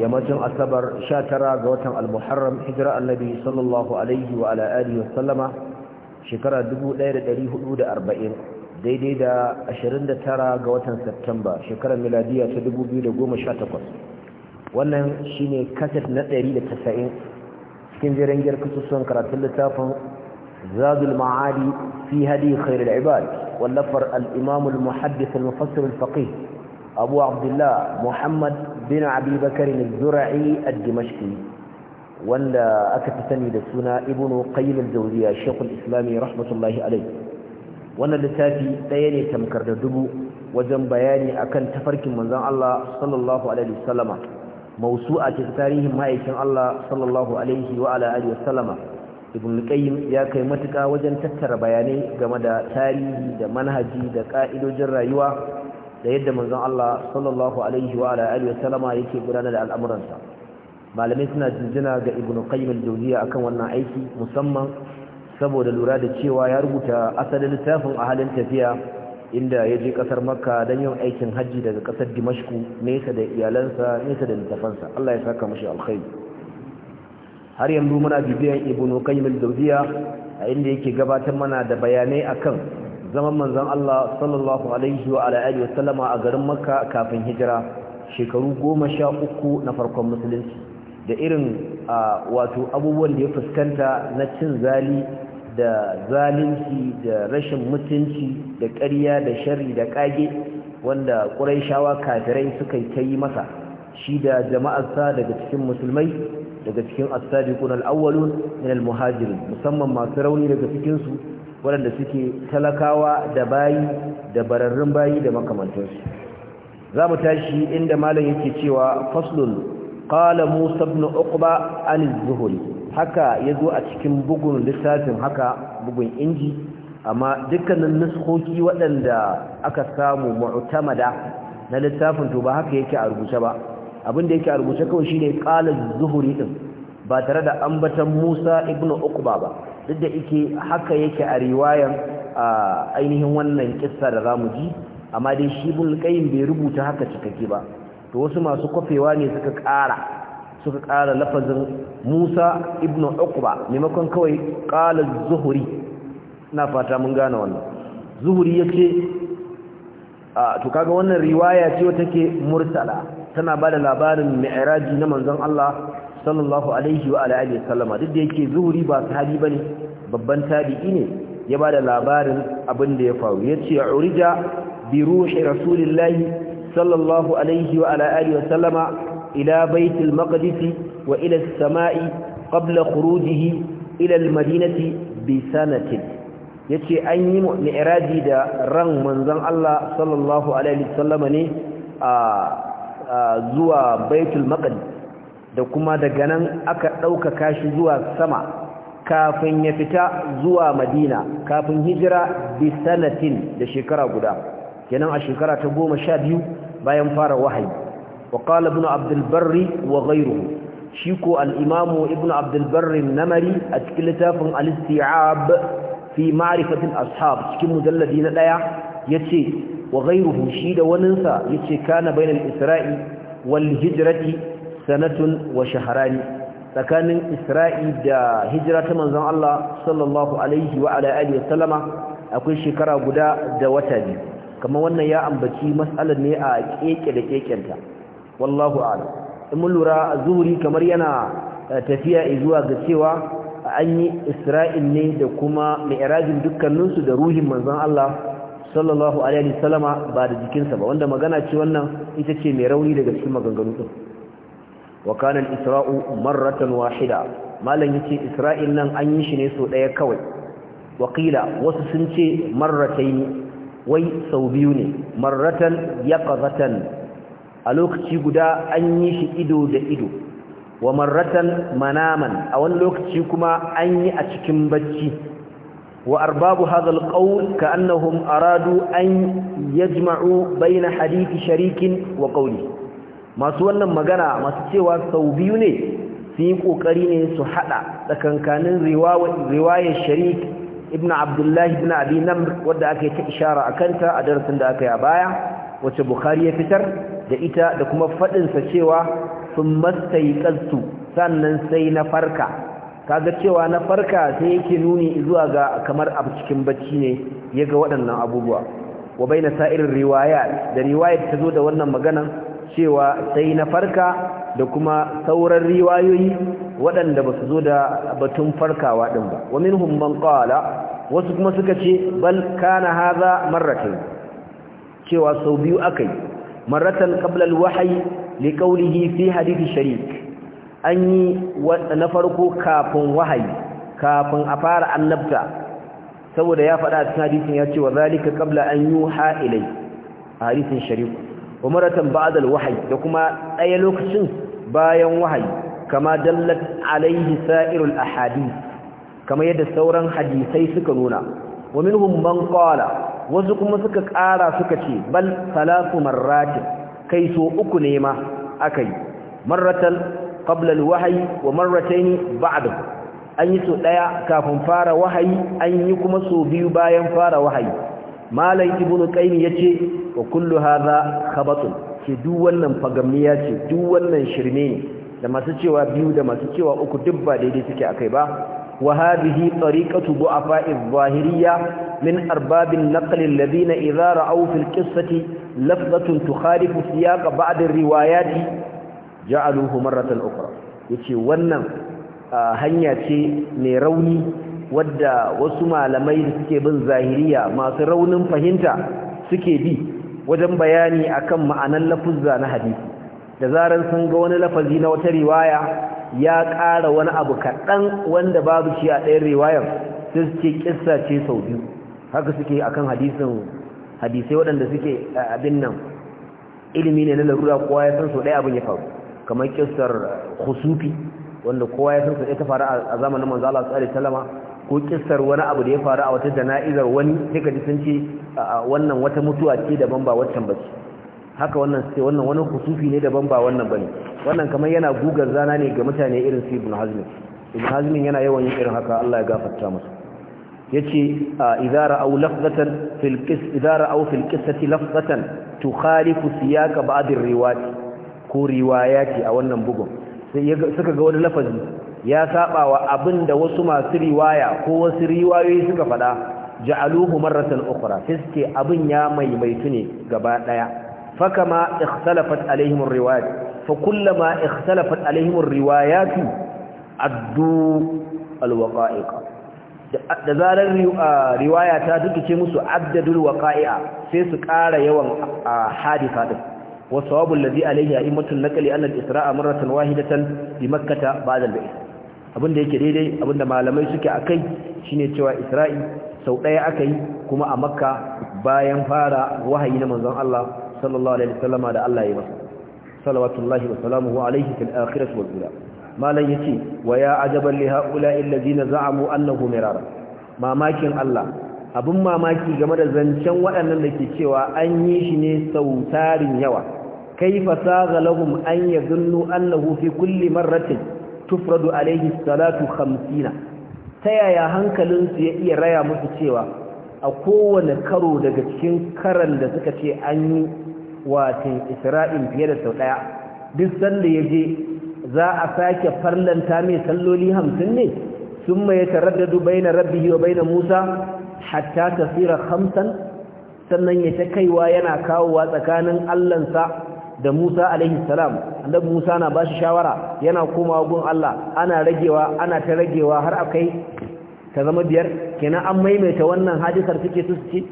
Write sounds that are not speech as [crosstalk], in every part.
yammacin asabar 19 ga watan al-muharram hijira annabi sallallahu alaihi wa ala alihi wa sallama shekara 1440 daidai da 29 ga watan september shekarar miladiya ta 2018 wannan shine kaset na 190 cikin jerin girkusun karatun littafin zazul ma'adi fi hadi khairul ibad wallafar al-imam al-muhaddith al-mufassir al-faqih abu abdullah muhammad bin abi bakarin zurai ad-dimashqi wanda aka fi sani da suna ibnu qayyim al-jawziya shaykhul islami rahmatullahi alayh wannan littafi daya ne tamkar da dubu wajen bayani akan tafarkin manzon Allah sallallahu alaihi wasallama mawsu'a ce tarihin ma'aikin Allah sallallahu alaihi wa ala alihi ibn qayyim ya kai matuka wajen tattara bayanai game da tarihi da manhaji da ka'idojin rayuwa da yadda manzon Allah sallallahu alaihi wa ala alihi wasallama yake gudanar da al'amuransa malamai suna jinjina ga ibn qayyim al-jawziya akan wannan aiki musamman saboda lura da cewa ya rubuta asalin littafin a halin tafiya inda ya je kasar makka don yin aikin hajji daga kasar dimashku nesa da iyalansa nesa da littafansa Allah ya saka mashi alkhairi har yanzu muna bibiyan ibn qayyim al a inda yake gabatar mana da bayanai akan zaman manzon Allah sallallahu alaihi wa alihi wa sallama a garin Makka kafin hijira shekaru goma sha uku na farkon musulunci da irin wato abubuwan da ya fuskanta na cin zali da zalunci da rashin mutunci da ƙarya da sharri da kage wanda ƙuraishawa kafirai suka yi masa shi da jama'arsa daga cikin musulmai daga cikin as-sabiqun al-awwalun muhajirin musamman masu rauni daga cikin su waɗanda suke talakawa da bayi da bararrun bayi da makamantansu za mu tashi inda malam yake cewa faslun ƙala musa ibn uqba an zuhri haka zo a cikin bugun littafin haka bugun inji amma dukkanin nuskoki waɗanda aka samu mu'tamada na littafin to ba haka yake a rubuce ba abin da yake a rubuce kawai shine qala zuhri din ba tare da ambatan musa ibn uqba ba duk da ike haka yake a riwayan ainihin wannan kissa da zamu ji amma dai shi bulqayin bai rubuta haka cikakke ba to wasu masu kofewa ne suka ƙara suka ƙara lafazin Musa ibn Uqba maimakon kawai qala az-Zuhri ina fata mun gane wannan Zuhri yace to kaga wannan riwaya ce wata ke mursala tana bada labarin mi'raji na manzon Allah sallallahu alaihi wa alihi sallama duk da yake zuhuri ba sahabi bane babban tabi'i ne ya bada labarin abin da ya faru yace urija bi ruhi rasulillahi sallallahu alaihi wa alihi sallama ila baitil maqdis wa ila as-sama'i qabla khurujihi ila al-madinati bi sanatin yace an yi mi'raji da ran manzon Allah sallallahu alaihi sallama ne a zuwa baitul maqdis da kuma daga nan aka ɗaukaka shi zuwa sama kafin ya fita zuwa madina kafin hijira bisanatin da shekara guda kenan a shekara ta goma sha biyu bayan fara wahayi wa qala ibn abdul wa shi ko al-imamu ibn abdulbarri barri namari a cikin littafin al-isti'ab fi ma'rifatil ashab cikin mujalladi na ɗaya, yace wa ghayruhu shi da waninsa yace kana bainal isra'i wal hijrati sanatun wa shaharani tsakanin isra'i da hijira ta manzon Allah sallallahu alaihi wa ala alihi akwai shekara guda da wata biyu kamar wannan ya ambaci matsalar ne a keke da kekenta wallahu a'lam in mun lura zuhuri kamar yana eh, tafiya zuwa ga cewa an yi isra'il ne da kuma mi'rajin dukkaninsu da ruhin manzon Allah sallallahu alaihi wasallama ba da jikinsa ba wanda magana ce wannan ita ce mai rauni daga cikin maganganu din wa israu marratan wahida malan yace isra'il nan an yi shi ne so daya kawai Wakila wasu sun ce marratayn wai sau biyu ne marratan yaqzatan a lokaci guda an yi shi ido da ido wa marratan manaman a wani lokaci kuma an yi a cikin bacci wa arbabu hadha alqawl ka'annahum aradu an yajma'u bayna hadithi sharikin wa qawli masu wannan magana masu cewa sau biyu ne sun yi ƙoƙari ne su haɗa tsakankanin riwayar sharif ibn abdullahi ibn abi namr wadda aka yi ta ishara a kanta a darasin da aka yi a baya wacce bukhari ya fitar da ita da kuma faɗinsa cewa sun mastayi kastu sannan sai na farka kaga cewa na farka sai yake nuni zuwa ga kamar abu cikin bacci ne ya ga waɗannan abubuwa wa bai na sa'irin riwaya da riwayar ta zo da wannan maganan cewa sai na farka da kuma sauran riwayoyi waɗanda ba su zo da batun farkawa ɗin ba wa minhum man qala wasu kuma suka ce bal kana hadha marratayn cewa sau biyu akai marratan qabla wahayi wahyi liqawlihi fi hadith sharik an yi na farko kafin wahayi kafin a fara annabta saboda ya faɗa a cikin hadisin ya ce wa zalika qabla an yuha ilai hadisin sharif. wa maratan ba'dal wahyi da kuma ɗaya lokacin bayan wahayi kama dallat alaihi sa'irul ahadith kama yadda sauran hadisai suka nuna wa minhum man qala wasu kuma suka ƙara suka ce bal salatu marratin kai so uku ne ma akai marratan qabla alwahyi wa marratayn ba'da an yi so daya kafin fara wahayi an yi kuma so biyu bayan fara wahayi malam ibnu qayyim yace wa kullu hadha khabatun ke duk wannan fagamiya ce duk wannan shirme ne da masu cewa biyu da masu cewa uku duk ba daidai suke akai ba wa hadhihi tariqatu du'afa'i adh min arbabin naql alladhina idha ra'aw fil qissati lafzatun tukhalifu siyaq ba'd ar-riwayati ja'aluhu marratan ukhra yace wannan ah, hanya ce mai rauni wadda wasu malamai da suke bin zahiriya masu raunin fahimta suke bi wajen bayani akan ma'anan lafuzza na hadisi da zarar sun ga wani lafazi na wata riwaya ya ƙara wani abu kaɗan wanda babu shi a ɗayan riwayar sai suke ƙissa ce sau biyu haka suke akan hadisin hadisai waɗanda suke eh, abin nan ilimi ne na larura kowa ya san sau ɗaya abin ya faru kamar ƙissar husufi wanda kowa ya san sau ɗaya ta faru a zamanin manzo Allah sallallahu alaihi ko kissar wani abu da ya faru a wata jana'izar wani duka ji sun ce wannan wata mutuwa ce daban ba waccan ba ce haka wannan sai wannan wani kusufi ne daban ba wannan bane wannan kamar yana gugar zana ne ga mutane irin su Ibn Hazm Ibn Hazm yana yawan yin irin haka Allah ya gafarta masa yace idza ra'aw lafzatan fil qis idza ra'aw fil qissati lafzatan tukhalifu siyaq ba'd ar-riwayat ko ce a wannan bugun sai suka ga wani lafazi ya saba wa abin da wasu masu riwaya ko wasu riwayoyi suka faɗa ja'aluhu marratan ukhra fiske abin ya maimaitu ne gaba daya fakama ikhtalafat alaihim riwayat fa kullama ikhtalafat alaihim riwayat addu alwaqa'iq da zarar riwaya ta dukice musu addadul waqa'i'a sai su kara yawan hadisa din والصواب الذي عليه أئمة israa أن الإسراء مرة واحدة بمكة بعد البعث abinda yake daidai abinda malamai suke a kai, shine cewa isra'i sau ɗaya aka yi kuma a makka bayan fara wahayi na manzon Allah sallallahu alaihi wasallama da Allah ya masa salawatullahi wa salamuhu alaihi fil akhirati wal ula malan yace wa ya ajaban li haula alladhina za'amu annahu mirara mamakin Allah abun mamaki game da zancen waɗannan da ke cewa an yi shi ne sau tarin yawa kaifa saga lahum an yadhunnu annahu fi kulli marratin tufradu alaihi salatu hamsina ta yaya hankalinsu ya iya raya musu cewa a kowane karo daga cikin karan da suka ce an yi watan isra'in fiye da sau ɗaya duk sanda ya je za a sake farlanta mai salloli hamsin ne sun mai ya taraddadu baina rabbihi wa baina musa hatta tasira hamsin? sannan ya ta kaiwa yana kawowa tsakanin allansa da Musa alaihi salam annabi Musa na bashi shawara yana komawa gun Allah ana ragewa ana ta ragewa har akai ta zama biyar kenan an maimaita wannan hadisar suke su ce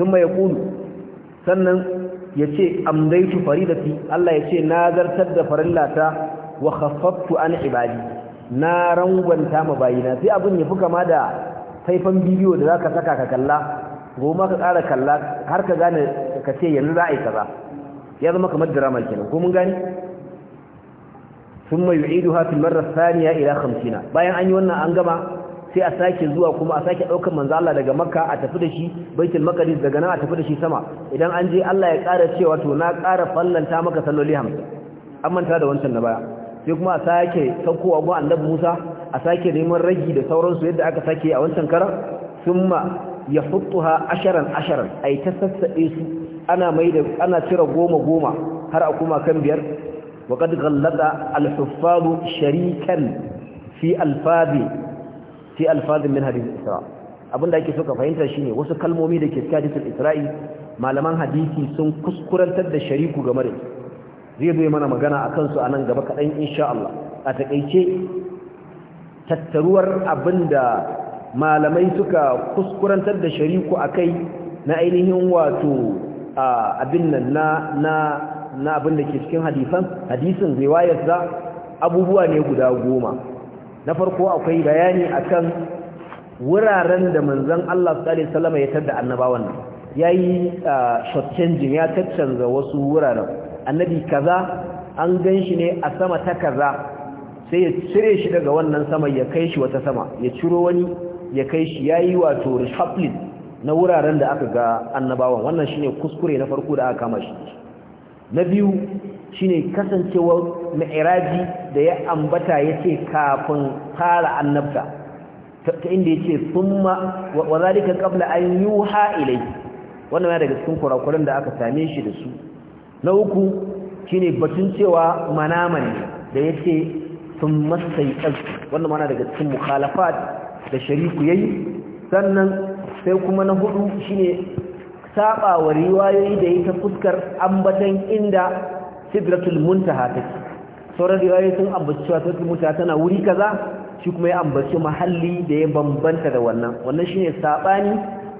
thumma yaqulu sannan yace amdaitu faridati Allah yace na zartar da farillata wa khaffaftu an ibadi na rangwanta ma bayina sai abin ya fi kama da faifan bidiyo da zaka saka ka kalla goma ka ƙara kalla har ka gane ka ce yanzu za a yi kaza ya zama kamar drama kenan ko mun gani thumma yu'iduha fil marra thaniya ila 50 bayan an yi wannan an gama sai a sake zuwa kuma a sake daukar manzo Allah daga Makka a tafi da shi Baitul Maqdis daga nan a tafi da shi sama idan an je Allah ya ƙara cewa to na ƙara fallanta maka salloli 50 an manta da wancan na baya sai kuma a sake saukowa ga Annabi Musa a sake neman ragi da sauransu yadda aka sake a wancan karan thumma yahuttuha asharan asharan ay sassaɓe su ana maida ana cire goma goma har a kuma kan biyar wa qad ghallata al-huffaz sharikan fi alfazi fi alfaz min hadith isra abinda ake so ka fahimta shine wasu kalmomi da ke cikin hadith isra'i malaman hadisi sun kuskurantar da shariku game da zai zo mana magana a kansu a nan gaba kaɗan insha Allah a taƙaice tattaruwar abinda malamai suka kuskurantar da shariku a kai na ainihin wato abin nan na na na abin da ke cikin hadisan hadisin riwayar za abubuwa ne guda goma na farko akwai bayani akan wuraren da manzon Allah sallallahu alaihi wasallam ya tada annabawan nan yayi short changing ya taccanza wasu wuraren annabi kaza an ganshi ne a sama ta kaza sai ya cire shi daga wannan sama ya kai shi wata sama ya ciro wani ya kai shi yayi wato reshuffling na wuraren da aka ga annabawan wannan shine kuskure na farko da aka kama shi na biyu shine kasancewar mi'raji da ya ambata yace kafin fara annabta ta inda yace thumma wa zalika qabla an yuha ilayhi wannan yana daga cikin kurakuran da aka same shi da su na uku shine batun cewa manaman da yace thumma sayqaz wannan mana daga cikin mukhalafat da shariku yayi sannan sai kuma na hudu shine saba wa riwayoyi da yake fuskar ambatan inda sidratul muntaha take sauran riwayoyi sun ambaci wato sidratul muntaha tana wuri kaza shi kuma ya ambaci mahalli da ya bambanta da wannan wannan shine sabani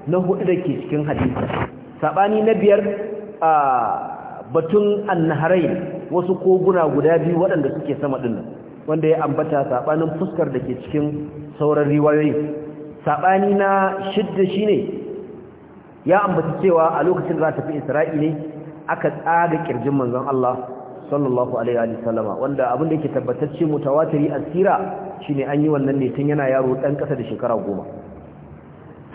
na hudu dake cikin hadisi sabani na biyar a batun annaharai wasu koguna guda biyu waɗanda suke sama dinnan wanda ya ambata sabanin fuskar da ke cikin sauran riwayoyi saɓani na shidda shi ne ya ambaci cewa a lokacin da za ta fi isra'i ne aka tsaga ƙirjin manzon Allah sallallahu alaihi wa sallama wanda abin da yake tabbatacce mutawatiri asira shine an yi wannan ne tun yana yaro ɗan ƙasa da shekara goma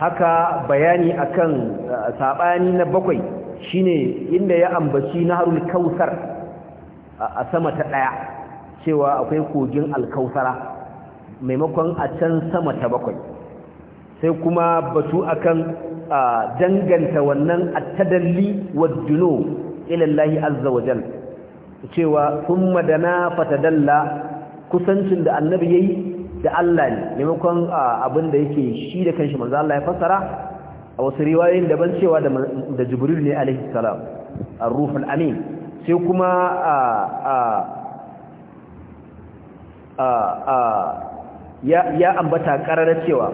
haka bayani akan saɓani na bakwai shine inda ya ambaci naharul kausar a sama ta ɗaya cewa akwai kogin alkausara maimakon a can sama ta bakwai sai kuma batu akan a danganta wannan at-tadalli wad-dunu azza wa jalla cewa thumma na fatadalla kusancin da annabi yayi da Allah ne maimakon abin da yake shi da kanshi manzo Allah ya fassara a wasu riwayoyin daban cewa da Jibril ne alaihi salam ar-ruhul amin sai kuma ya ambata karara cewa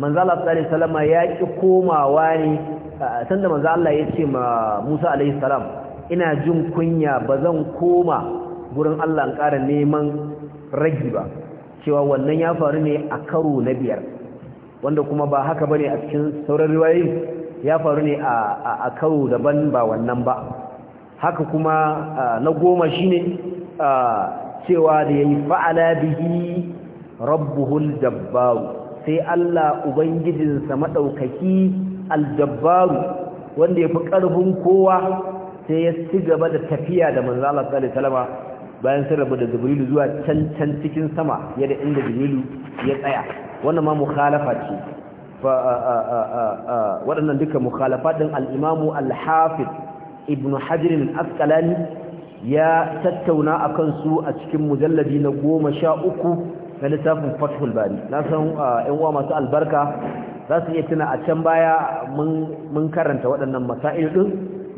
manzo Allah sallallahu alaihi wasallam ya ki komawa ne sanda manzo Allah ya ce ma Musa alaihi salam ina jin kunya bazan koma gurin Allah an ƙara neman ragi ba cewa wannan ya faru ne a karo na biyar wanda kuma ba haka bane a cikin sauran riwayoyi ya faru ne a karo daban ba wannan ba haka kuma na goma shine cewa da yayi fa'ala bihi rabbuhul jabbar sai Allah ubangijinsa madaukaki aljabbaru wanda yafi karfin kowa sai ya ci gaba da tafiya da Manza Allah salama bayan sai rabu da jibrilu zuwa can can cikin sama yadda inda jibrilu ya tsaya wannan ma mukhalafa ce waɗannan duka mukhalafa ɗin al'imamu alhafiz ibn hajar al ya tattauna a su a cikin mujalladi na goma sha uku. na littafin fathul bari na san yan uwa masu albarka za su iya tuna a can baya mun karanta waɗannan masail ɗin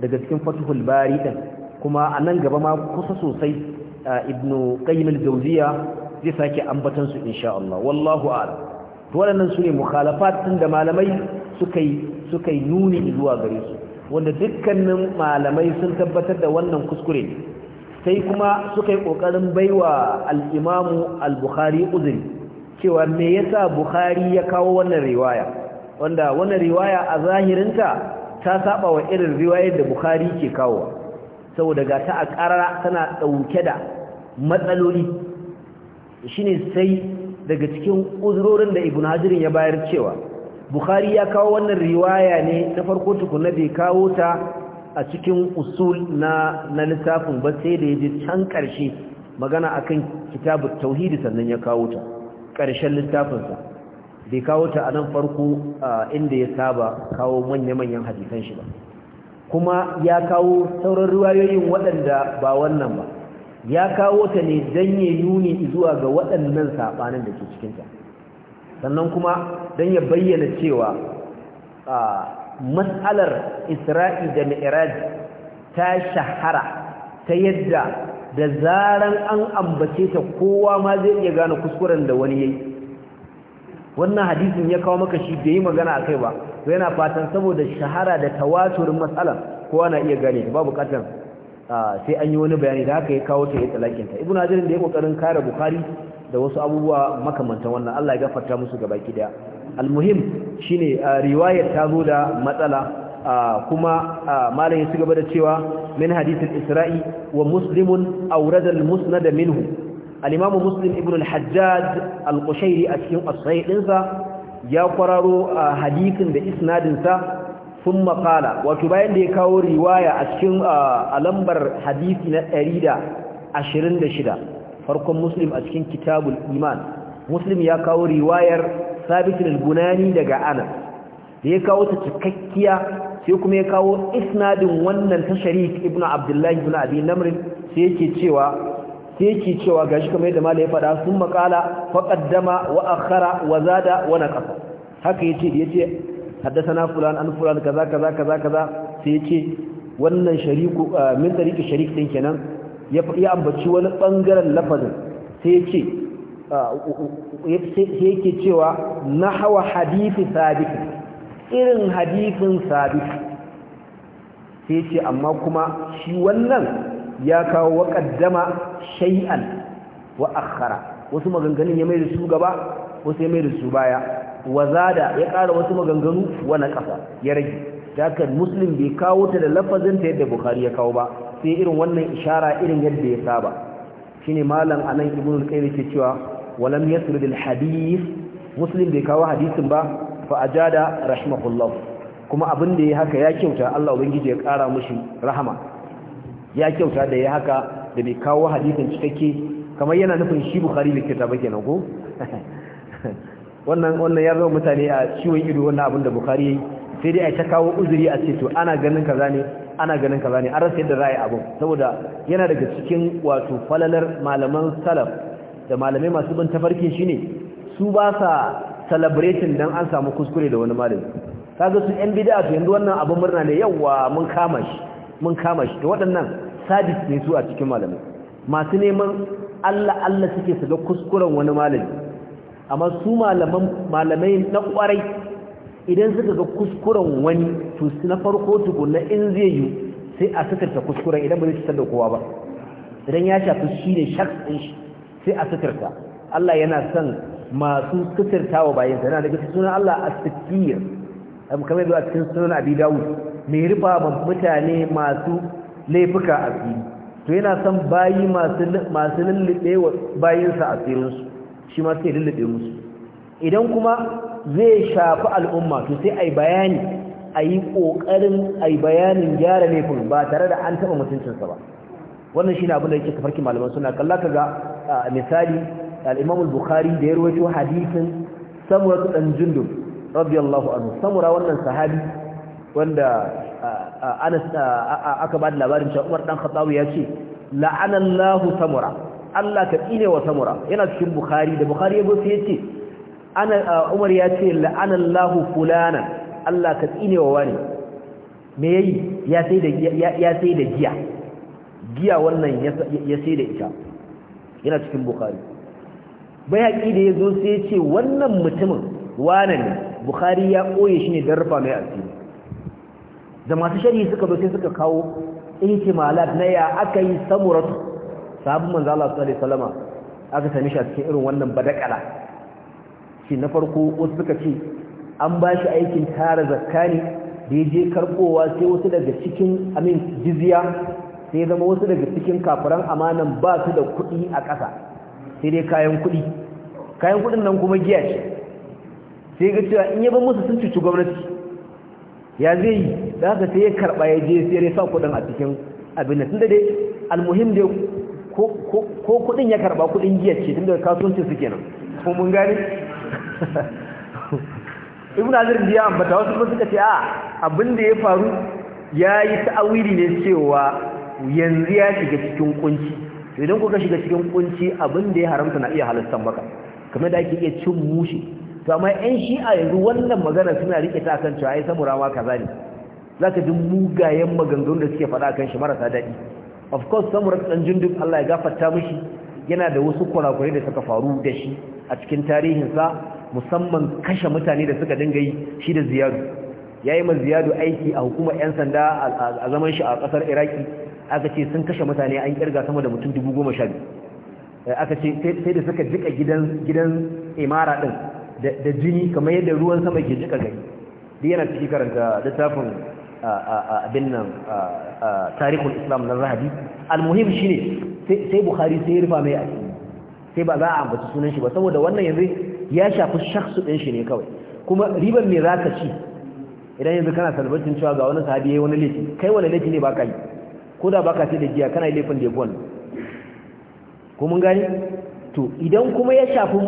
daga cikin fathul bari ɗin kuma a nan gaba ma kusa sosai ibnu qayyim al zai sake ambatan su insha Allah wallahu a'lam to waɗannan su ne mukhalafat tun da malamai suka yi suka yi nuni zuwa gare su wanda dukkanin malamai sun tabbatar da wannan kuskure sai kuma suka yi ƙoƙarin baiwa al'imamu al-bukhari uzuri cewa me yasa bukhari ya kawo wannan riwaya wanda wannan riwaya a zahirinta ta saba wa irin riwayar da bukhari ke kawo saboda ga ta a ƙarara tana ɗauke da matsaloli shine sai daga cikin uzurorin da ibn hajirin ya bayar cewa bukhari ya kawo wannan riwaya ne na farko tukuna bai kawo ta a cikin usul na na littafin ba sai da yaji can ƙarshe magana akan kitabu tauhidi sannan ya kawo ta karshen littafin sa bai kawo ta a nan farko inda ya saba kawo manya-manyan hadisan shi ba kuma ya kawo sauran riwayoyin waɗanda ba wannan ba ya kawo ta ne dan ya nuni zuwa ga waɗannan saɓanin da ke cikinta, sannan kuma dan ya bayyana cewa matsalar isra'i da mi'raj ta shahara ta yadda da zaran an ambace ta kowa ma zai iya gane kuskuren da wani yayi wannan hadisin ya kawo maka shi bai magana akai ba yana fatan saboda shahara da tawaturin matsalar kowa na iya gane babu bukatar sai an yi wani bayani da haka ya kawo ta ya tsalakin ta ibnu hajar da ya kokarin kare bukhari da wasu abubuwa makamantan wannan Allah ya gafarta musu gabaki daya almuhim shine riwayar ta zo da matsala kuma malam ya cigaba da cewa min hadithul isra'i wa muslimun awrada al-musnad minhu al-imam muslim ibn al-hajjaj al-qushairi a cikin as-sahih dinsa ya kwararo hadithin da isnadin sa ثم قال وتبين دي كاو روايه اكن ashirin da shida, 126 فرقم a cikin kitabul iman, muslim ya kawo riwayar. sabitin al daga ana da ya kawo ta cikakkiya sai kuma ya kawo isnadin wannan ta sharik ibnu abdullahi ibnu abi namr sai yake cewa sai yake cewa gashi kamar yadda malai ya faɗa sun makala faqaddama wa akhara wa zada wa naqasa haka yace yace haddathana fulan an fulan kaza kaza kaza kaza sai yace wannan shariku ah, min tariki sharik din kenan ya ya ambaci wani bangaren lafazin sai yace yake cewa na hawa hadithi sabit irin hadithin sabit sai ce amma kuma shi wannan ya kawo wa kaddama shay'an wa akhara wasu maganganun ya mai da su gaba wasu ya mai da su baya wazada ya kara wasu maganganu wani ƙasa ya rage dakar muslim bai kawo ta da lafazin ta yadda Bukhari ya kawo ba sai irin wannan ishara irin yadda ya saba shine malam anan ibnu al-qayyim yake cewa walam yasrid alhadith muslim bai kawo hadisin ba fa ajada rahimahullah kuma abin da ya haka ya kyauta Allah ubangiji ya kara mushi rahama ya kyauta da ya haka da bai kawo hadisin cikakke kamar yana nufin shi bukhari likita ba kenan ko [laughs] wannan wannan zama mutane a ciwon ido wannan abin da bukhari yayi sai dai ai ta kawo uzuri a ce to ana ganin kaza ne ana ganin kaza ne an rasa yadda za a yi abu. saboda yana daga cikin wato falalar malaman salaf da malamai masu ban tafarkin shine su ba sa celebrating dan an samu kuskure da wani malami ga su yan bid'a su yanzu wannan abin murna ne yawa mun kama shi mun kama shi Da waɗannan sadis ne su a cikin malamai masu neman Allah Allah suke su ga kuskuren wani malami amma su malamai na kwarai idan suka ga kuskuren wani to na farko tukunna in zai yi sai a sakarta kuskuren idan ba zai cutar da kowa ba idan ya shafi shi ne shaks ɗin shi sai a suturta Allah yana son masu suturta wa bayansa yana daga sunan Allah a sattir kamar yadda a cikin sunan Abi Dawud mai rufa mutane masu laifuka a fili to yana son bayi masu masu lullube wa sa a tsirinsu shi ma sai lullube musu idan kuma zai shafi al'umma to sai yi bayani ayi kokarin yi bayanin gyara laifin ba tare da an taɓa mutuncinsa ba wannan shine abin da yake tafarkin malaman suna kalla kaga misali al-Imam al-Bukhari da ya rawaito hadisin Samura dan Jundub radiyallahu anhu Samura wannan sahabi wanda Anas aka ba da labarin cewa Umar dan Khattab ya ce la'ana Allahu Samura Allah ka tsine wa Samura yana cikin Bukhari da Bukhari ya sai ya ce ana Umar ya ce la'ana Allahu fulana Allah ka tsine wa wani me yayi ya sai da ya sai da giya giya wannan ya sai da ita yana cikin bukari haƙi da ya zo sai ya ce wannan mutumin wane ne bukari ya ɓoye shi ne don rufa mai asiri da masu shari'i suka zo sai suka kawo ihtimalat na ya aka yi samuratu sabu manzo Allah sallallahu alaihi aka sami shi a cikin irin wannan badakala shi na farko wasu suka ce an ba shi aikin tara zakka da ya je karbowa sai wasu daga cikin amin jiziya. sai zama wasu daga cikin kafiran amanan ba su da kuɗi a ƙasa sai dai kayan kuɗi kayan kuɗin nan kuma giya ce sai ga cewa in yaba musu sun cuci gwamnati ya zai yi da haka sai ya karɓa ya je sai ya sa kuɗin a cikin abin da tunda dai almuhim dai ko kuɗin ya karɓa kuɗin giya ce tunda kasuwancin su kenan ko mun gane [laughs] ibn azir ya ambata wasu suka ce a abin da ya faru ya yi ta'awili ne cewa yanzu ya shiga cikin kunci idan kuka shiga cikin kunci abin da ya haramta na iya halittar maka kamar da ake iya cin mushi to amma yan shi'a yanzu wannan magana suna rike ta kan cewa ai samurawa kaza ne zaka ji mugayen maganganun da suke faɗa kan shi marasa daɗi of course samura dan jundub Allah ya gafarta mishi yana da wasu kurakure da suka faru da shi a cikin tarihinsa musamman kashe mutane da suka dinga yi shi da ziyadu yayi yi ma ziyadu aiki a hukumar 'yan sanda a zaman shi a kasar iraki aka ce sun kashe mutane an kirga sama da mutum dubu goma sha biyu eh, aka ce sai da suka jika gidan imara ɗin da jini kamar yadda ruwan sama ke jika gari da yana ciki karanta littafin abin nan tarihul islam na zahabi almuhim ne, sai bukhari sai rufa mai a sai ba za a ambaci sunan shi ba saboda wannan yanzu ya shafi shaksu ɗin shi ne kawai kuma riban mai za ka ci idan yanzu kana salbacin cewa ga wani sahabi ya yi wani laifi kai wani laifi ne ba ka yi ko da baka ce da giya kana yi laifin debol ko mun gani to idan kuma ya shafi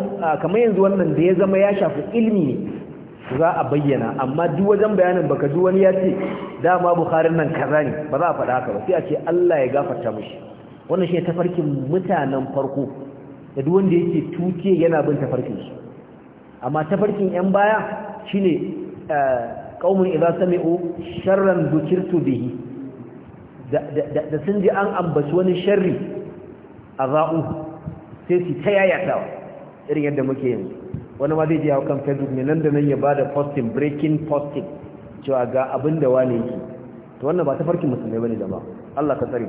kamar yanzu wannan da ya zama ya shafi ilmi ne za a bayyana amma duk wajen bayanin baka ji wani ya ce dama bukharin nan kaza ne ba za a faɗa haka ba sai a ce Allah ya gafarta mishi wannan shi ne tafarkin mutanen farko da duk wanda yake tuke yana bin tafarkin shi. amma tafarkin yan baya shine qaumun idza sami'u sharran dhukirtu bihi da sun ji an ambaci wani sharri a za'u sai su ta yayatawa irin yadda muke yanzu wani ma zai je kan facebook ne nan da nan ya bada posting breaking posting cewa ga abin da wane yake to wannan ba ta farkin musulmai ne da ba Allah ka tsare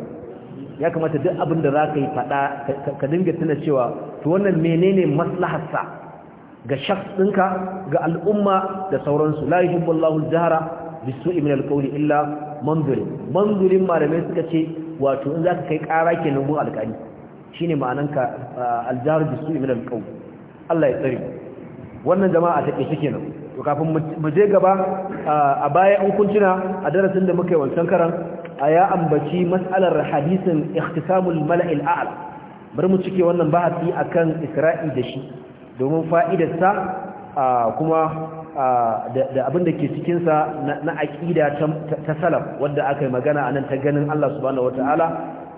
ya kamata duk abin da za ka yi faɗa, ka dinga tuna cewa to wannan menene maslaharsa ga shaks ɗinka ga al'umma da sauransu la yuhibbullahu al-jahra bisu'i al-qawli illa manzurin manzurin malamai suka ce wato in za ka kai ƙara kenan gun alƙali shine ne ma'ananka uh, aljaru da su imin alƙau Allah ya tsari wannan jama'a ta ƙashi kenan to kafin mu je gaba uh, a baya an kuntuna a darasin da muka yi wancan karan a ya ambaci mas'alar hadisin ikhtisamul mala'il a'la bari mu cike wannan bahasi akan isra'i da shi domin fa'idarsa uh, kuma da abin da ke cikinsa na aƙida ta salaf wadda aka yi magana a nan ta ganin Allah subhanahu ta'ala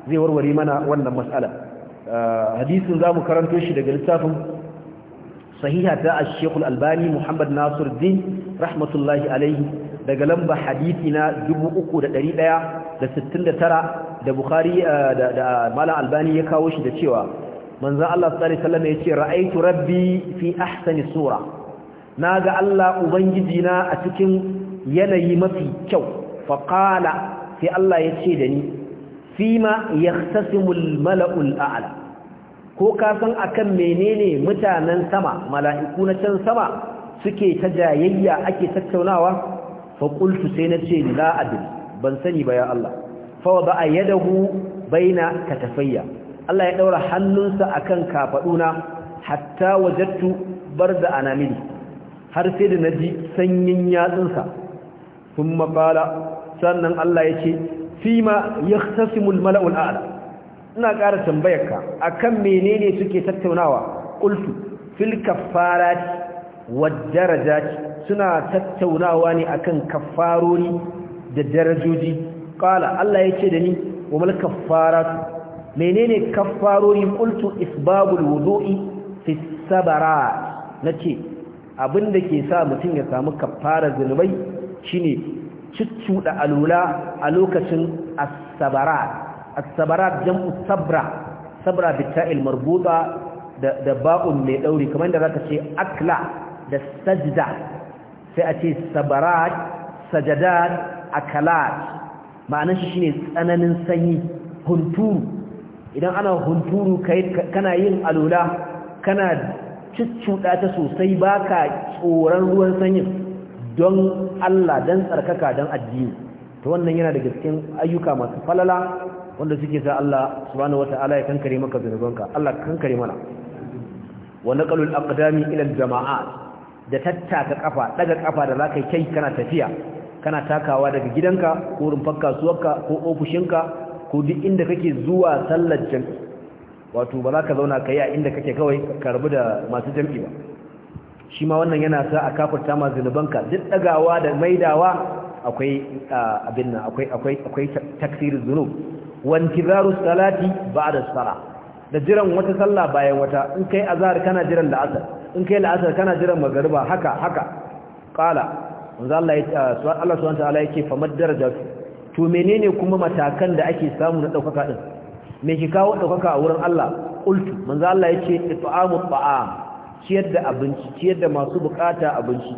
zai warware mana wannan matsala hadisin za mu karanto shi daga littafin sahiha ta shekul albani muhammad nasir din rahmatullahi alaihi daga lamba hadisi na 3,169 da Bukhari da malam albani ya kawo shi da cewa manzan Allah sallallahu Alaihi ya ce ra'aitu rabbi fi ahsani sura na ga Allah ubangiji na a cikin yanayi mafi kyau faƙala sai Allah ya ce da ni fima yahtasimul mala'ul a'la ko ka san akan menene mutanen sama mala'iku na can sama suke ta jayayya ake tattaunawa fa sai na ce la ban sani ba ya Allah fa wa ba'a yadahu baina katafayya Allah ya ɗaura hannunsa akan kafaɗuna. hatta bar da anamili har sai da na ji sanyin yatsunsa sun maɓala sannan Allah ya ce fi ma ya tasimul mala'ul ina ƙara tambayarka a kan menene suke tattaunawa ƙulfu fil kafarati suna tattaunawa ne akan kafarori da darajoji ƙala Allah ya ce da ni wa mal menene kafarori ƙultu isbabul wudu'i fi sabara na ce abin da ke sa mutum ya samu kafara zunubai shine cuccuɗa alula a lokacin asabara. Asabara jam'u sabra sabra bitta'il marbuta da da ba'un mai dauri kamar da zaka ce akla da sajda sai a ce sabara, sajadat akalat ma'anar shi shine tsananin sanyi hunturu idan ana hunturu kana yin alula kana cuccuɗa ta sosai ba ka tsoron ruwan sanyin don Allah don tsarkaka don addini Ta wannan yana da cikin ayyuka masu falala wanda suke sa Allah subhanahu ala ya kankare maka zunubanka Allah kankare mana wa naqalul aqdami ila jamaa da tattaka kafa daga kafa da zaka kai kana tafiya kana takawa daga gidanka ko rumfar kasuwarka ko ofishinka ko duk inda kake zuwa sallar jami'a wato ba za ka zauna ka yi a inda kake kawai ka rabu da masu jam'i ba shi ma wannan yana sa a kafarta ma zunubanka duk dagawa da maidawa akwai abin nan akwai akwai akwai taksirin zunub wan kizaru salati ba'da sala da jiran wata sallah bayan wata in kai azhar kana jiran la'asar in kai la'asar kana jiran magariba. haka haka qala wanda Allah ya Allah subhanahu wa ta'ala yake fa madarajat to menene kuma matakan da ake samu na daukaka din me ki kawo ɗaukaka a wurin Allah ultu manzo Allah yace it'amu ta'am ciyar da abinci ciyar da masu bukata abinci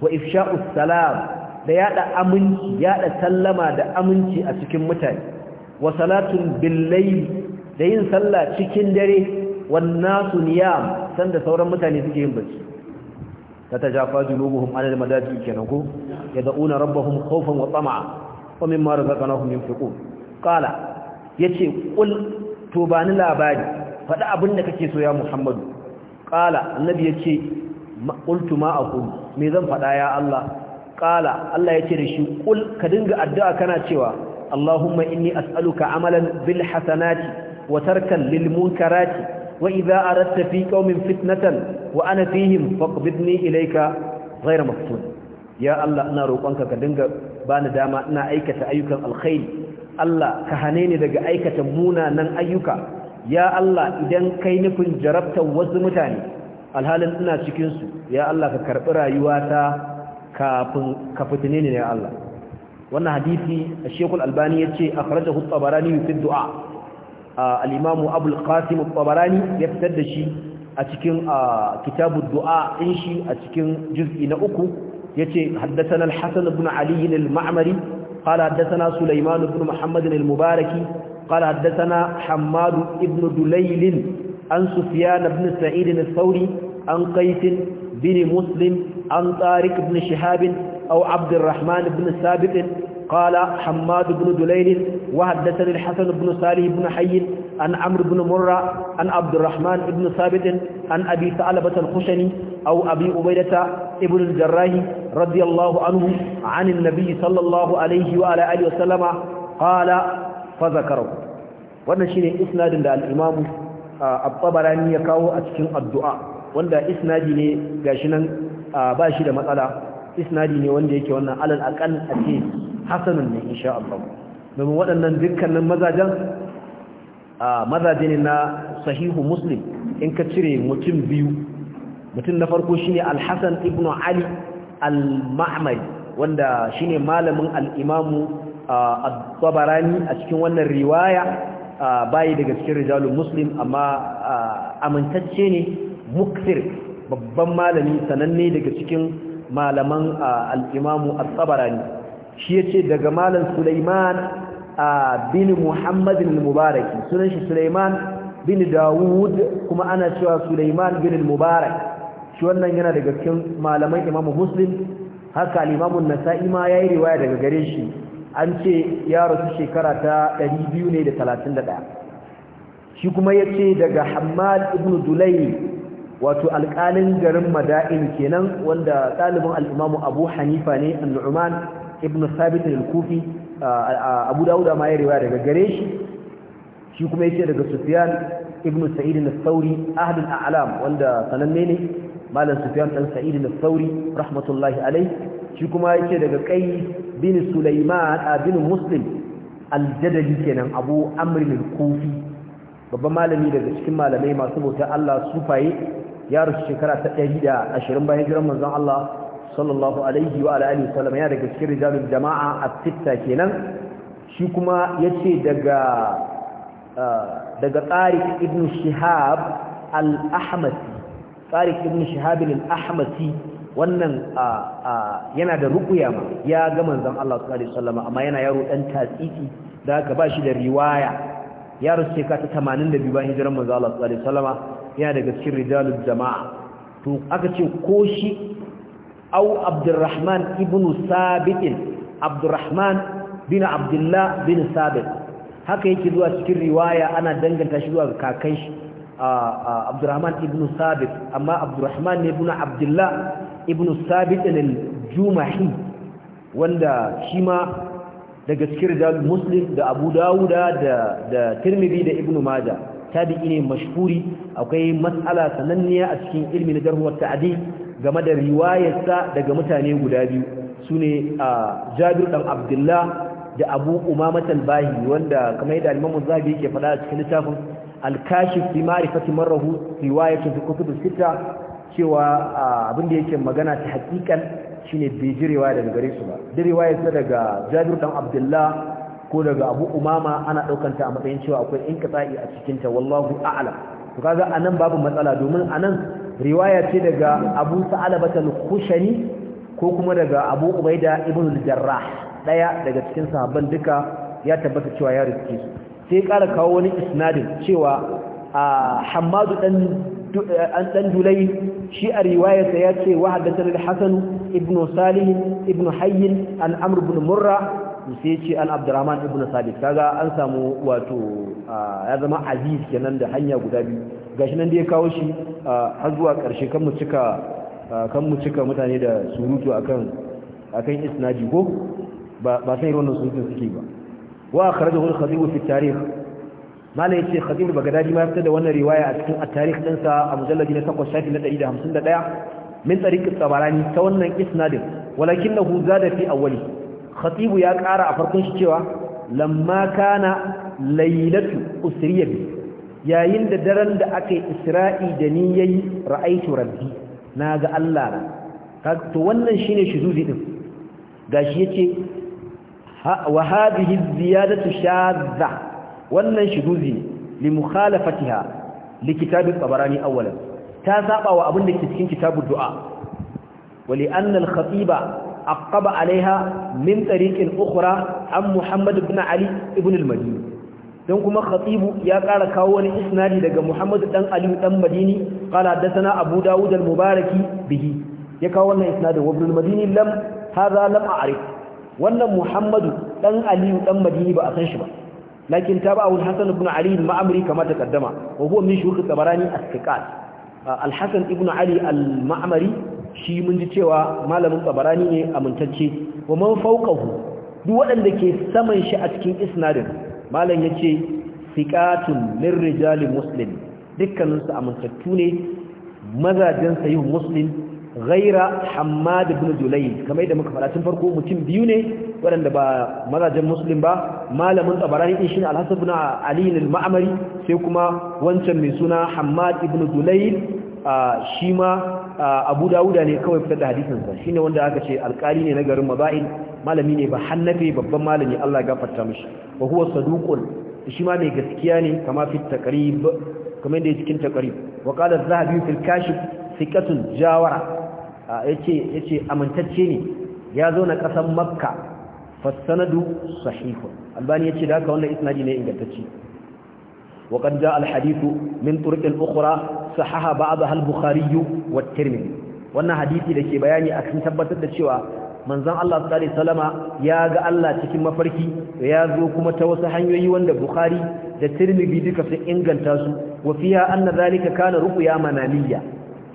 wa ifsha'u salam da yada aminci yada sallama da aminci a cikin mutane wa salatun billayl da yin sallah cikin dare wan nasu niyam sanda sauran mutane suke yin bacci tatajafa junubuhum 'ala al kenan ko yad'una rabbahum khawfan wa tama'a wa mimma razaqnahum yunfiqun qala ya ce ƙul to ba ni labari faɗi abin da kake so ya muhammadu ƙala annabi ya ce ƙultu ma a ƙul me zan faɗa ya Allah ƙala Allah ya ce da shi ƙul ka dinga addu'a kana cewa Allahumma inni as'aluka amalan bil hasanati wa tarkan lil munkarati wa idza aradta fi qaumin fitnatan wa ana fihim faqbidni ilayka ghayra maftun ya Allah ina roƙonka ka dinga bani dama ina aikata ayyukan alkhairi Allah ka hane ni daga aikata munanan ayyuka ya Allah idan kai nufin jarabtar wasu mutane alhalin ina cikin su ya Allah ka karbi rayuwata kafin ka fitine ni ya Allah wannan hadisi Sheikh Al-Albani yace akhrajahu At-Tabarani fi du'a al-Imam Abu al-Qasim At-Tabarani ya fitar da shi a cikin kitabu du'a din shi a cikin juz'i na uku yace haddathana Al-Hasan ibn Ali al-Ma'mari قال حدثنا سليمان بن محمد المباركي قال حدثنا حماد بن دليل عن سفيان بن سعيد الثوري عن قيس بن مسلم عن طارق بن شهاب أو عبد الرحمن بن ثابت قال حماد بن دليل وحدثني الحسن بن صالح بن حي عن عمرو بن مرة عن عبد الرحمن بن ثابت عن أبي ثعلبة الخشني أو أبي عبيدة ابن الجراح رضي الله عنه عن النبي صلى الله عليه وعلى آله وسلم قال فذكره wannan shine isnadin da al-Imam At-Tabarani ya kawo a cikin addu'a wanda isnadi ne gashi nan ba shi da matsala isnadi ne wanda yake wannan alal aqal a ce hasanun ne insha Allah domin waɗannan dukkanin mazajen a mazaje ne na sahihu muslim in ka cire mutum biyu mutum na farko shine al-hasan Ibnu ali al mamal wanda shine malamin al-imamu at-tabarani a cikin wannan riwaya bayi daga cikin rijalu muslim amma amintacce ne muktir babban malami sananne daga cikin malaman al-imamu at-tabarani shi yace daga malam Sulaiman bin Muhammad al-Mubarak sunan shi Sulaiman bin Dawud kuma ana cewa Sulaiman bin mubarak shi wannan yana daga cikin malaman Imam Muslim haka al-Imam an-Nasa'i ma yayi riwaya daga gare shi an ce ya rasu shekara ta 231 shi kuma yace daga Hammad ibn Dulay wato alƙalin garin Mada'in kenan wanda ɗalibin al-Imam Abu Hanifa ne an-Nu'man ibn sabit al-kufi abu daud ma ya riwaya daga gare shi shi kuma yake daga sufyan Ibnu sa'id al-thawri ahad al-a'lam wanda sananne ne malam sufyan dan sa'id al-thawri rahmatullahi alayhi shi kuma yake daga kai bin sulaiman bin muslim al-jadali kenan abu amr al-kufi babban malami daga cikin malamai masu bauta Allah sufaye ya rushe shekara ta 120 bayan jiran manzon Allah sallallahu alaihi wa alihi wasallam ya daga cikin rijalul jama'a as-sitta kenan shi kuma yace daga uh, daga Tariq ibn Shihab al-Ahmasi Tariq ibn Shihab al-Ahmasi wannan uh, uh, yana da rukuya ma ya ga manzon Allah sallallahu alaihi wasallam amma yana yaro dan tasiki da haka ba shi da riwaya yaro ce ka ta 82 bayan hijiran manzon Allah sallallahu alaihi wasallam yana daga cikin rijalul jama'a to aka ce ko shi au abdurrahman ibn sabit abdurrahman bin abdullah bin sabit haka yake zuwa cikin riwaya ana danganta shi zuwa kakan shi abdurrahman ibn sabit amma abdurrahman ibn abdullah ibn sabit al-jumahi wanda shi ma daga cikin muslim da abu dawuda da da tirmidhi da ibnu majah tabi'i ne mashhuri akwai mas'ala sananniya a cikin ilmi na jarh wa ta'dil game da riwayarsa daga mutane guda biyu su ne a jabir ɗan abdullah da abu umamatan bahi wanda kamar yadda alimamu zabi yake faɗa a cikin littafin Alkashi fi ma'rifati marrahu riwayatu fi kutubu sita cewa abin da yake magana ta hakikan shine bai ji riwaya daga gare su ba da riwayarsa daga jabir Dan abdullah ko daga abu umama ana ɗaukanta a matsayin cewa akwai in a cikin ta wallahu a'lam to kaga anan babu matsala domin anan riwaya ce daga abu sa'alabat al-khushani ko kuma daga abu ubaida ibn al-jarrah daya daga cikin sahabban duka ya tabbata cewa ya riske sai kara kawo wani isnadin cewa a dan dan dulai shi a riwayarsa ya ce wa hadathana al-hasan ibn salih ibn hayy an amr ibn murra sai ce an abdurrahman ibn salih kaga an samu wato ya zama aziz kenan da hanya guda biyu gashi nan da ya kawo shi har zuwa ƙarshe kan mu cika mutane da surutu akan akan isnadi ko ba ba sai wannan surutun suke ba wa akhrajahu al-khatib fi tarikh mala yace da, bagdadi ma fitar da wannan riwaya a cikin at-tarikh din sa a mujalladi na 8 shafi na 151 min tariq at-tabarani ta wannan isnadin Walakin walakinahu da fi awwali khatib ya ƙara a farkon shi cewa lamma kana laylatu usriya yayin da daren da aka yi isra'i da ni yayi ra'aitu rabbi na ga Allah na to wannan shine shuzuzi din gashi yace wa hadhihi ziyadatu shadha wannan shuzuzi li mukhalafatiha fatiha kitab at-tabarani ta saba wa abin da ke cikin kitabud du'a wa li anna a khatiba aqaba alaiha min tariqin ukhra an muhammad bin ali ibn al-madini don kuma khatibu ya ƙara kawo wani isnadi daga muhammadu ɗan aliyu ɗan madini qala hadathana abu dawud al mubaraki bihi ya kawo wannan isnadin wa ibn madini lam hadha lam a'rif wannan muhammadu ɗan aliyu ɗan madini ba a san shi ba lakin tabahu al hasan ibn ali al kamar ta kaddama. wa huwa min shuyukh tabarani as-siqat al hasan ibn ali al ma'mari shi mun ji cewa malamin tsabarani ne amintacce wa man fawqahu duk waɗanda ke saman shi a cikin isnadin malam yace thiqatun min rijali muslim dukkanin su amintattu ne mazajin sayyid muslim ghaira hammad ibn julayl kamar da muka fara tun farko mutum biyu ne waɗanda ba mazajin muslim ba malamin tabarani din shine al-hasan ibn ali al-ma'mari sai kuma wancan mai suna hammad ibn julayl shi ma abu dawuda ne kawai fitar da hadisinsa ne wanda aka ce alkali ne na garin maba'in malami ne ba hannafe babban malami Allah gafarta mishi wa huwa saduqun shi ma mai gaskiya ne kama fi taqrib kuma inda cikin taqrib wa qala az-zahabi fil kashif thiqatun jawara yace yace amintacce ne ya zo na kasan makka fasanadu sahihun albani yace da haka wannan isnadi ne ingantacce وقد جاء min turkin طرق أخرى sahaha ba'dahu al-bukhari wa tirmidhi wannan hadisi dake bayani akan tabbatar da cewa manzon Allah sallallahu alaihi wasallama ya ga Allah cikin mafarki ya zo kuma ta wasu hanyoyi wanda bukhari da tirmidhi duka sun inganta su wa fiha anna zalika kana ru'ya manaliyya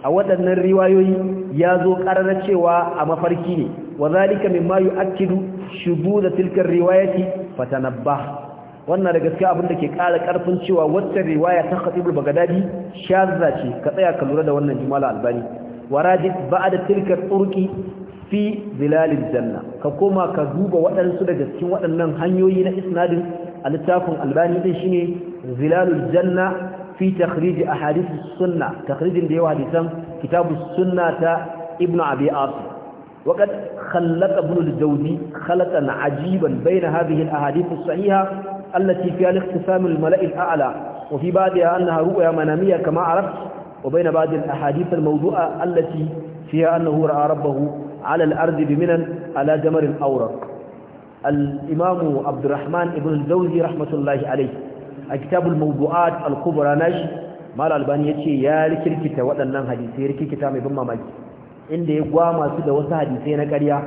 a waɗannan riwayoyi ya zo ƙarar cewa a mafarki ne wa zalika mimma yu'akkidu shubu da tilkar riwayati fatanabba wannan da gaskiya abin da ke ƙara ƙarfin cewa wata riwaya ta khatibul bagadadi shazza ce ka tsaya ka lura da wannan jumala albani warajid ba'da tilka turqi fi zilalil janna ka koma ka duba waɗansu daga cikin waɗannan hanyoyi na isnadin a littafin albani din shine zilalul janna fi takhrij ahadith sunna takhrijin da yawa hadisan kitabus sunna ta ibnu abi asim وقد خلق ابن الجوزي خلقا عجيبا بين هذه الاحاديث الصحيحه التي فيها الاختصام الملأ الأعلى وفي بعضها أنها رؤيا منامية كما عرفت وبين بعض الأحاديث الموضوعة التي فيها أنه رأى ربه على الأرض بمنى على جمر الأورق الإمام عبد الرحمن ابن الجوزي رحمة الله عليه كتاب الموضوعات الكبرى ناش مال الباني يتي يا ركركتا waɗannan hadisi rikikita mai ban mamaki inda ya gwama su da wasu hadisai na ƙarya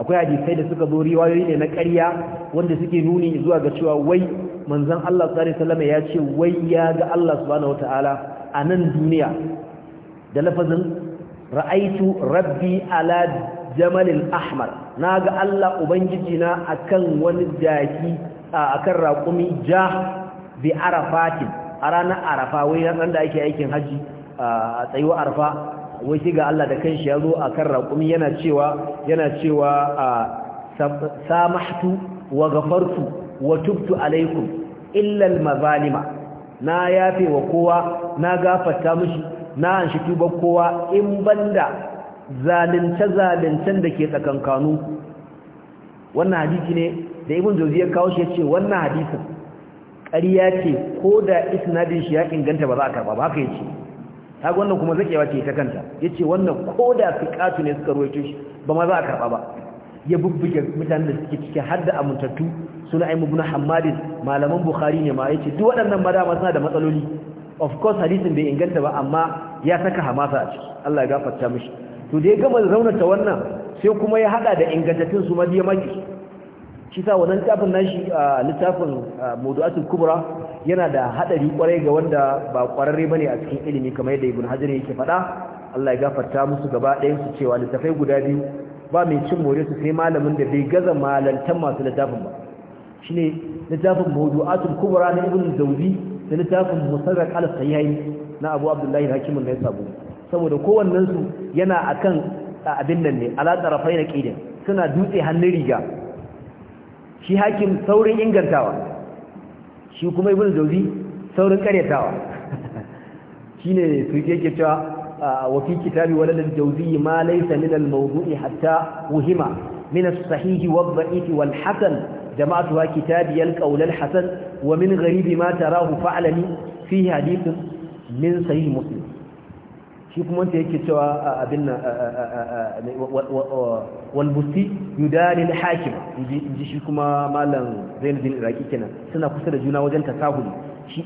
akwai hadisai da suka zo riwayoyi ne na ƙarya wanda suke nuni zuwa ga cewa wai manzon Allah sallallahu alaihi ya ce wai ya ga Allah subhanahu wataala a nan duniya da lafazin ra'aitu rabbi ala jamalil ahmar naga Allah ubangiji na akan wani jaki akan raƙumi ja bi arafatin a ranar arafa wai ran da ake aikin haji a tsayuwar arafa wai sai ga Allah da kanshi ya zo kan raƙumi yana cewa yana cewa samahtu wa ghafartu wa tubtu alaikum illa al-mazalima na yafe wa kowa na gafarta mushi na anshi tubar kowa in banda zalunce zaluncen da ke tsakankanu wannan hadisi ne da ibn jawzi ya kawo shi yace wannan hadisin ƙarya ce ko da isnadin shi ya inganta ba za a karba ba haka yace kaga wannan kuma zakewa ce ta kanta yace wannan koda fiqatu ne suka ruwaito shi ba ma za a karba ba ya bubbuge mutanen da suke cike har da amintattu suna ai ibn malaman bukhari ne ma yace duk waɗannan madama suna da matsaloli of course hadisin bai inganta ba amma ya saka hamasa a ciki Allah ya gafarta mishi to da ya gama zaunata wannan sai kuma ya hada da ingantattun su ma biya maki shi sa wannan tafin nashi littafin mawdu'atul kubra yana da hadari kwarai ga wanda ba kwararre bane a cikin ilimi kamar yadda Ibn Hajar yake faɗa Allah ya gafarta musu gaba ɗayan su cewa littafai guda biyu ba mai cin more su sai malamin da bai gaza malantan masu littafin ba shine littafin Mawdu'atul Kubra na Ibn Zawzi da littafin Musarrak al-Sayyi na Abu Abdullahi Hakim al-Nasabi saboda kowannen su yana akan abin nan ne ala tarafai na qidin suna dutse hannun riga shi hakim saurin ingantawa shi kuma ibn jauzi saurin karyatawa shine su yake cewa wa fi kitabi walad al ma laysa min al-mawdu'i hatta wuhima min as-sahih wa ad wal hasan jama'atuha kitabi al-qawl al-hasan wa min gharib ma tarahu fa'lani fi hadith min sahih muslim shi kuma wanda yake cewa abin nan walbusti yudani na hakim inji shi kuma malam zainuddin iraki kenan suna kusa da juna wajen tasahuli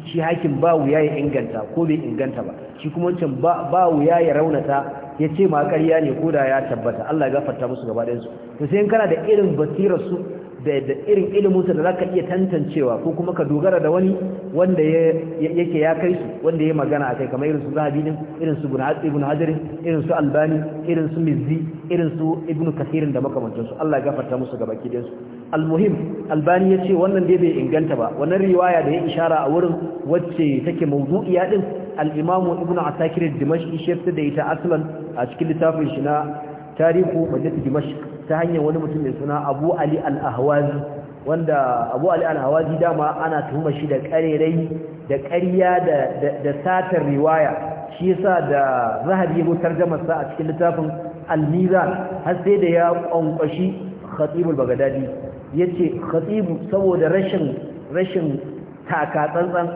shi hakim ba wuya ya inganta ko bai inganta ba shi kuma wancan ba wuya ya raunata ya ce ma ƙarya ne ko da ya tabbata Allah ya gafarta musu gaba ɗayansu to sai in kana da irin basirar su da irin iliminsa da zaka iya tantancewa ko kuma ka dogara da wani wanda yake ya kai su wanda ya magana akai kamar irin su Zahabi din irin su Ibn Hajar irin su Albani irin su Mizzi irin su Ibn Kathir da makamantan su Allah ya gafarta musu gaba ki dinsu almuhim Albani yace wannan dai bai inganta ba wannan riwaya da ya ishara a wurin wacce take mawdu'iya din al-Imam Ibn Asakir Dimashqi shi da ita aslan a cikin littafin shi na tarihu majalis Dimashq ta hanyar wani mutum mai suna abu ali al'ahwazi wanda abu ali al'ahwazi dama ana tuhuma shi da karerai da karya da satar riwaya shi yasa da zahabi ya tarjama sa a cikin littafin al-mizan har sai da ya kwankwashi khatib bagadadi ya yace khatib saboda rashin rashin taka tsantsan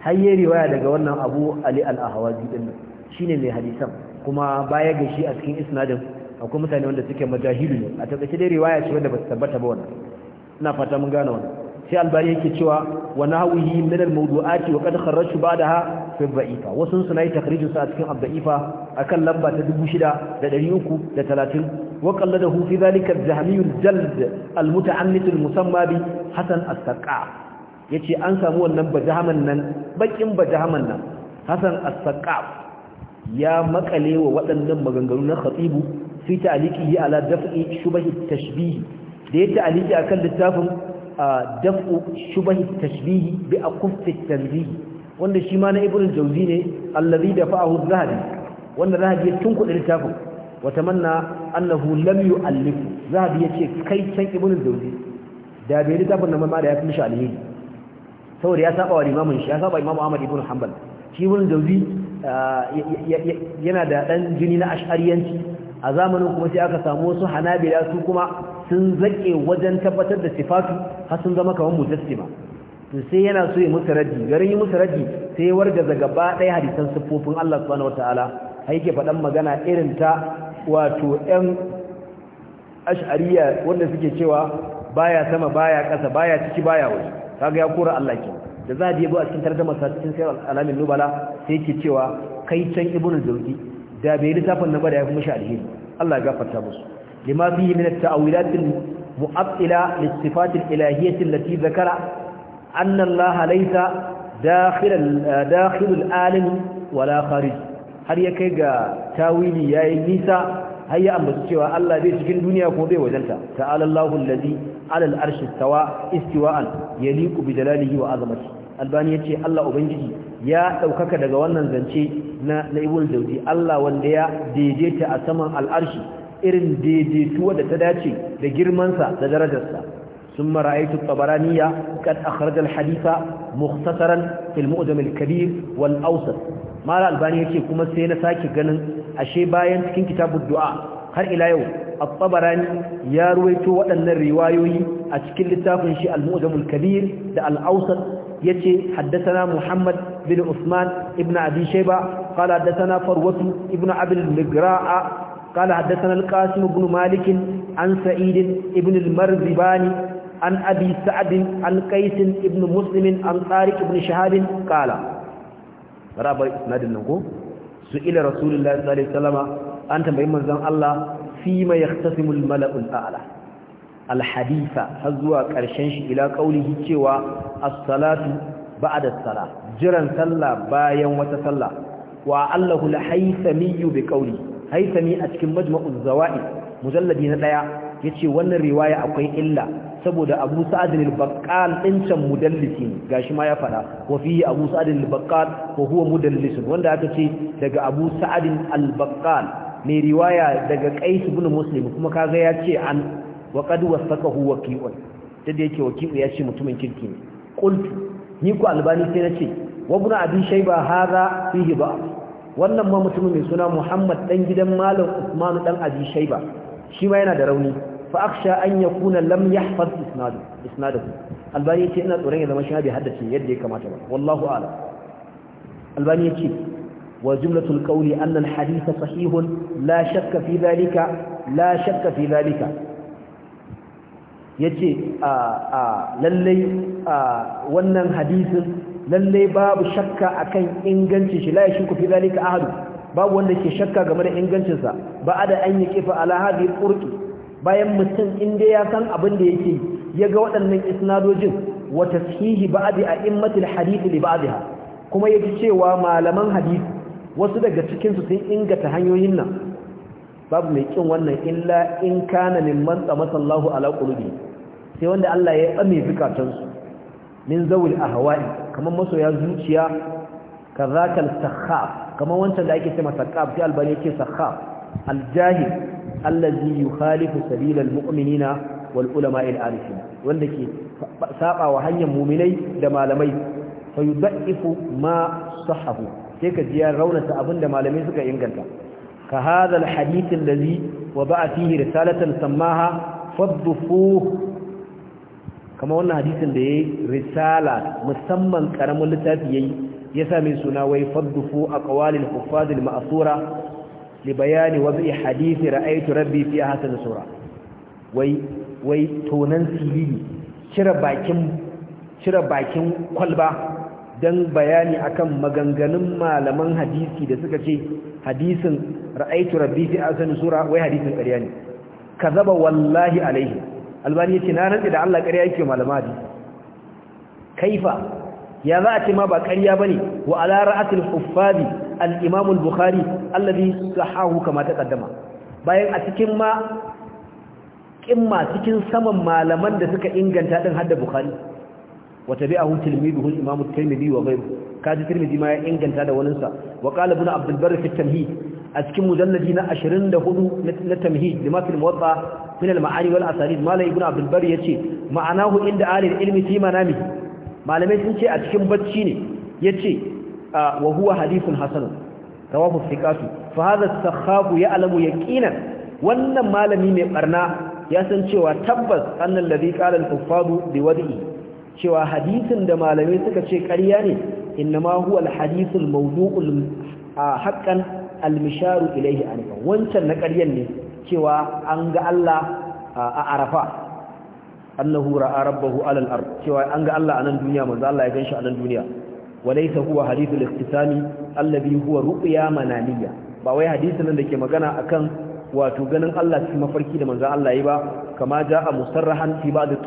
har yayi riwaya daga wannan abu ali al'ahwazi ahwazi din shine mai hadisan kuma baya ga shi a cikin isnadin akwai mutane wanda suke majahilu ne a tabbaki dai riwaya ce wanda ba su tabbata ba wannan ina fata mun gane wannan sai albani yake cewa wa nahwihi min al-mawdu'ati wa qad kharrajtu ba'daha fi dha'ifa wa sun sunai takhrijin sa a cikin dha'ifa akan lamba ta 6330 wa qalladahu fi dhalika az-zahmi al-jald al-muta'annit al-musamma bi hasan as-saqa yace an samu wannan bajahaman nan bakin bajahaman nan hasan Asaka saqa ya maƙale wa waɗannan maganganu na khatibu fi ta'liqihi ala daf'i shubahi tashbih da ya ta'liqi akan littafin daf'u shubahi tashbih bi aqfi tanzih wanda shi ma na ibnu jawzi ne allazi dafa'ahu az-zahabi wanda zahabi ya tunkuɗe littafin wa tamanna annahu lam yu'allif zahabi yace kai can ibnu jawzi da bai littafin nan ma da ya fi shi alheri saboda ya saba wa limamin shi ya saba Imam ahmad ibnu hanbal shi ibnu jawzi yana da dan jini na ash'ariyanci a zamanin kuma sai aka samu wasu hanabila su kuma sun zake wajen tabbatar da sifatu har sun zama kamar mujassima to sai yana so ya musu raddi garin yi musu raddi sai ya wargaza gaba ɗaya hadisan siffofin Allah subhanahu wataala har yake faɗan magana irin ta wato ɗan ash'ariya wanda suke cewa baya sama baya ƙasa baya ciki baya waje kaga ya kora Allah ke da za a je a cikin tarjuma sa cikin sayar alamin nubala sai yake cewa kai can ibnu zawqi da bai lissafin nan ba da ya kuma shi Allah ya gafarta musu lima fihi min at-ta'wilat al-mu'attila lis-sifat al-ilahiyyah allati dhakara anna Allah laysa dakhil dakhil al-alim wala kharij har ya kai ga tawili yayi nisa har ya ambaci cewa Allah bai cikin duniya ko bai wajenta ta'ala Allahu allazi 'ala al-arshi istawa istiwa'an yaliqu bi jalalihi wa 'azamatihi albani yace Allah ubangiji ya ɗaukaka daga wannan zance na ibul daudi Allah wanda ya daidaita a saman al'arshi irin daidaituwa da ta dace da girmansa da darajarsa sun mara'aitu tabaraniya kan akharajal hadifa mukhtasaran fil kabir wal awsat mala albani yake kuma sai na sake ganin ashe bayan cikin kitabud du'a har ila yau at ya ruwaito waɗannan riwayoyi a cikin littafin shi al-mu'jam kabir da al-awsat Ya ce haddasana Muhammad bin usman ibn Abi Shayba qala haddathana Farwat ibn Abi al-Migra'a qala haddathana al-Qasim ibn Malik an Sa'id ibn al-Marzibani an Abi Sa'd al-Qais ibn Muslim an Tariq ibn Shahab qala raba isnadin nan ko su'ila Rasulullah sallallahu alaihi wasallam an tambayi manzon Allah fi ma yahtasimul mala'ul a'la alhadifa har zuwa ƙarshen shi ila ƙaunihi cewa assalatu da sala jiran sallah bayan wata sallah wa allahu alhaythamiyyu bi qawli haythami a cikin majma'uz zawaid mujalladi na ya ce wannan riwaya akwai illa saboda Abu Sa'd al-Baqqal can mudallisi ne shi ma ya faɗa wa fihi Abu Sa'd al ko huwa mudallis wanda aka ce daga Abu Sa'd al mai riwaya daga Qais ibn Muslim kuma kaga ya ce an wa qad wasaqahu waqi'un da yake waqi'u ya ce mutumin kirki ne qultu ni ku albani sai nace wa ibn abi shayba hadha fihi ba wannan ma mutumin mai suna Muhammad dan gidan malam Usman dan abi shayba shi ma yana da rauni fa akhsha an yakuna lam yahfaz isnadu isnadu albani yace ina tsoron ya zama shi bai haddace yadda ya kamata ba wallahu a'lam albani yace wa jumlatul qawli anna al-hadith sahih la shakka fi dhalika la shakka fi dhalika yace a a wannan hadisin lallai babu shakka kan ingancin shi la yashku fi zalika ahad babu wanda ke shakka game da ingancinsa sa da an yi kifa ala hadi bayan mutum inda ya san abin da yake yaga waɗannan isnadojin wa tashihi ba'di a'immatil hadisi li ba'dha kuma yaji cewa malaman hadisi wasu daga cikinsu sun inganta hanyoyin nan babu mai kin wannan illa in kana mimman tsamasa Allahu ala ƙulubi sai wanda Allah ya tsame zukatansu min zawil ahwa'i kamar masoya zuciya kazakal sakhaf kamar wancan da ake cewa sakhaf sai albani yake sakhaf aljahil allazi yukhalifu sabilal mu'minina wal ulama'il arifin wanda ke saba wa hanyar mu'minai da malamai fa yudaifu ma sahahu sai ka ji ya raunata abinda malamai suka inganta ka hadha alhadith allazi wa ba'a fihi risalatan sammaha fadfuhu kama wannan hadisin da ya yi risala musamman karamin littafi ya yi ya sami suna wai faddufu a kawalin hufazil ma'asura bayani wazi hadisi ra'aitu rabbi fi hasan sura wai tonan sirri cire bakin cire bakin kwalba don bayani akan maganganun malaman hadisi da suka ce hadisin ra'aitu rabbi fi hasan sura wai hadisin karyani ne kazaba wallahi alaihi albani yace na rantsi da Allah ƙarya yake malama hadisi kaifa ya za a ce ma ba ƙarya bane wa ala ra'atil huffazi al-imam al-bukhari alladhi sahahu kama taqaddama bayan a cikin ma kimma cikin saman malaman da suka inganta din hadda bukhari wa tabi'ahu tilmiduhu al-imam at-tirmidhi wa ghayruhu kaji tirmidhi ma ya inganta da waninsa wa qala ibn abdul barr fi tamhid a cikin mujalladi na 24 na tamhid lima fil muwatta min al ma'ani wal asanid mala ibn abdul barr yace ma'anahu inda alil ilmi fi manami malamai sun ce a cikin bacci ne yace wa huwa hadithun hasan rawahu thiqatu fa hadha as-sakhabu ya'lamu yaqinan wannan malami mai barna ya san cewa tabbas annal ladhi qala al-kuffadu bi wadi'i cewa hadisin da malamai suka ce ƙarya ne innama huwa alhadith almawdu' haqqan almisharu ilayhi anifa wancan na ƙaryan ne cewa an ga Allah a Arafa annahu ra'a rabbahu ala al-ard cewa an ga Allah a nan duniya manzo Allah ya ganshi a nan duniya walaysa huwa hadith al-ikhtisami alladhi huwa ru'ya mananiya ba wai hadisin da ke magana akan wato ganin Allah cikin mafarki da manzo a yi ba kama ja'a musarrahan fi ba'd da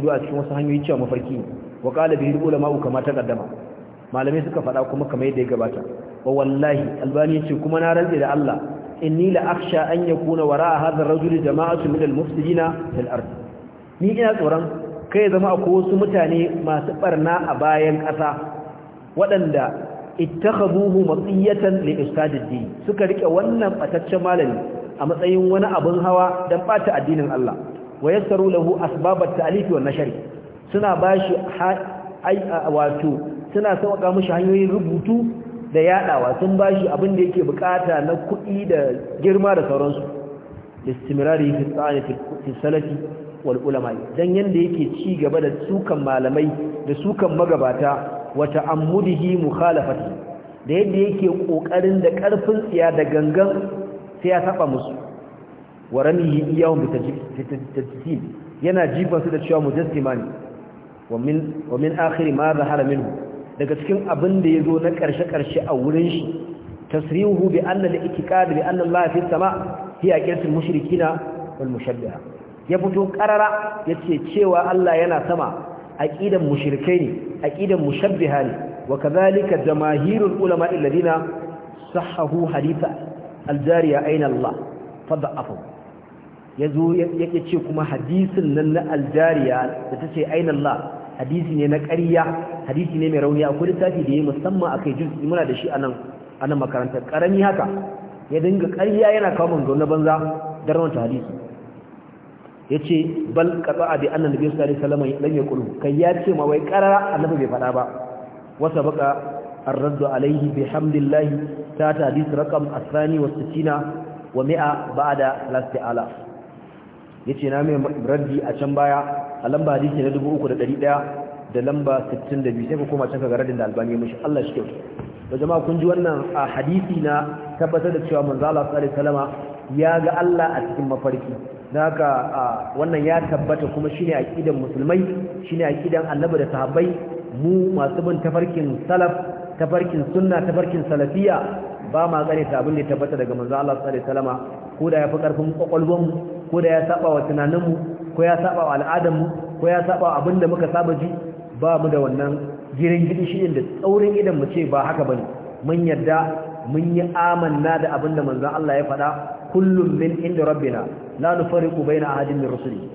zuwa cikin wasu hanyoyi cewa mafarki wa qala bihi ulama kama ƙaddama. malamai suka faɗa kuma kamar yadda ya gabata wa wallahi albani ce kuma na rantse da Allah inni la akhsha an yakuna wara hadha ar-rajul jama'atu min al-mufsidina fil ard ni ina tsoron kai zama akwai wasu mutane masu barna a bayan ƙasa waɗanda ittakhaduhu matiyatan li ustadiddin suka rike wannan bataccen malami a matsayin wani abin hawa dan bata addinin Allah wa lahu asbabat ta'lif na nashri suna bashi wato suna sauƙa mishi hanyoyin rubutu da yaɗawa sun ba shi abin da yake bukata na kuɗi da girma da sauransu istimirari fi tsani fi salafi wal ulamai. dan yadda yake ci gaba da sukan malamai da sukan magabata wata ta'ammudihi mukhalafati da yadda yake ƙoƙarin da ƙarfin tsiya da gangan sai ya saba musu wa ramihi yana jifa da cewa mujassima ne wa min wa min ma zahara minhu daga cikin abin da ya zo na ƙarshe-ƙarshe a wurin shi tasrihu bi annal itiqad bi anna Allah fi sama a qiyasul mushrikina wal mushabbiha ya fito ƙarara ya ce cewa Allah yana sama aqidan mushrikai ne aqidan mushabbiha ne wa kadhalika jamaahirul ulama alladhina sahhahu hadith aljariya jariya ayna Allah fadhafu yazo yake ce kuma hadisin nan na aljariya jariya da tace ayna Allah hadisi ne na ƙarya hadisi ne mai rauni akwai littafi da ya musamman akai juz muna da shi a nan a nan makarantar karami haka ya dinga ƙarya yana kawo mun gauna banza darwan ta hadisi yace bal qata bi anna nabiyyu sallallahu alaihi wasallam lam kai ya ce ma wai qarara annabi bai faɗa ba wasa baka ar-radd alaihi bihamdillahi ta ta hadisi raqam asrani wa sittina wa mi'a ba'da lasti ala yace na mai raddi a can baya a lamba hadisi na 3100 da lamba 62 sai ku koma can ka garadin da albani ya mishi Allah shi kyautu da jama'a kun ji wannan a hadisi na tabbatar da cewa manzo Allah sallallahu alaihi wasallama ya ga Allah a cikin mafarki dan haka wannan ya tabbata kuma shine aqidan musulmai shine aqidan annabi da sahabbai mu masu bin tafarkin salaf tafarkin sunna tafarkin salafiya ba ma gane ta abin da tabbata daga manzo Allah sallallahu alaihi wasallama ko da ya fi karfin kwakwalwarmu ko da ya saba wa tunaninmu ko ya saba wa al'adarmu ko ya saba abin da muka saba ji ba mu da wannan girin girin shi da tsaurin idan mu ce ba haka ba ne, mun yarda mun yi amanna da abinda manzon Allah ya faɗa kullum min inda rabbina la nufariqu baina ahadin min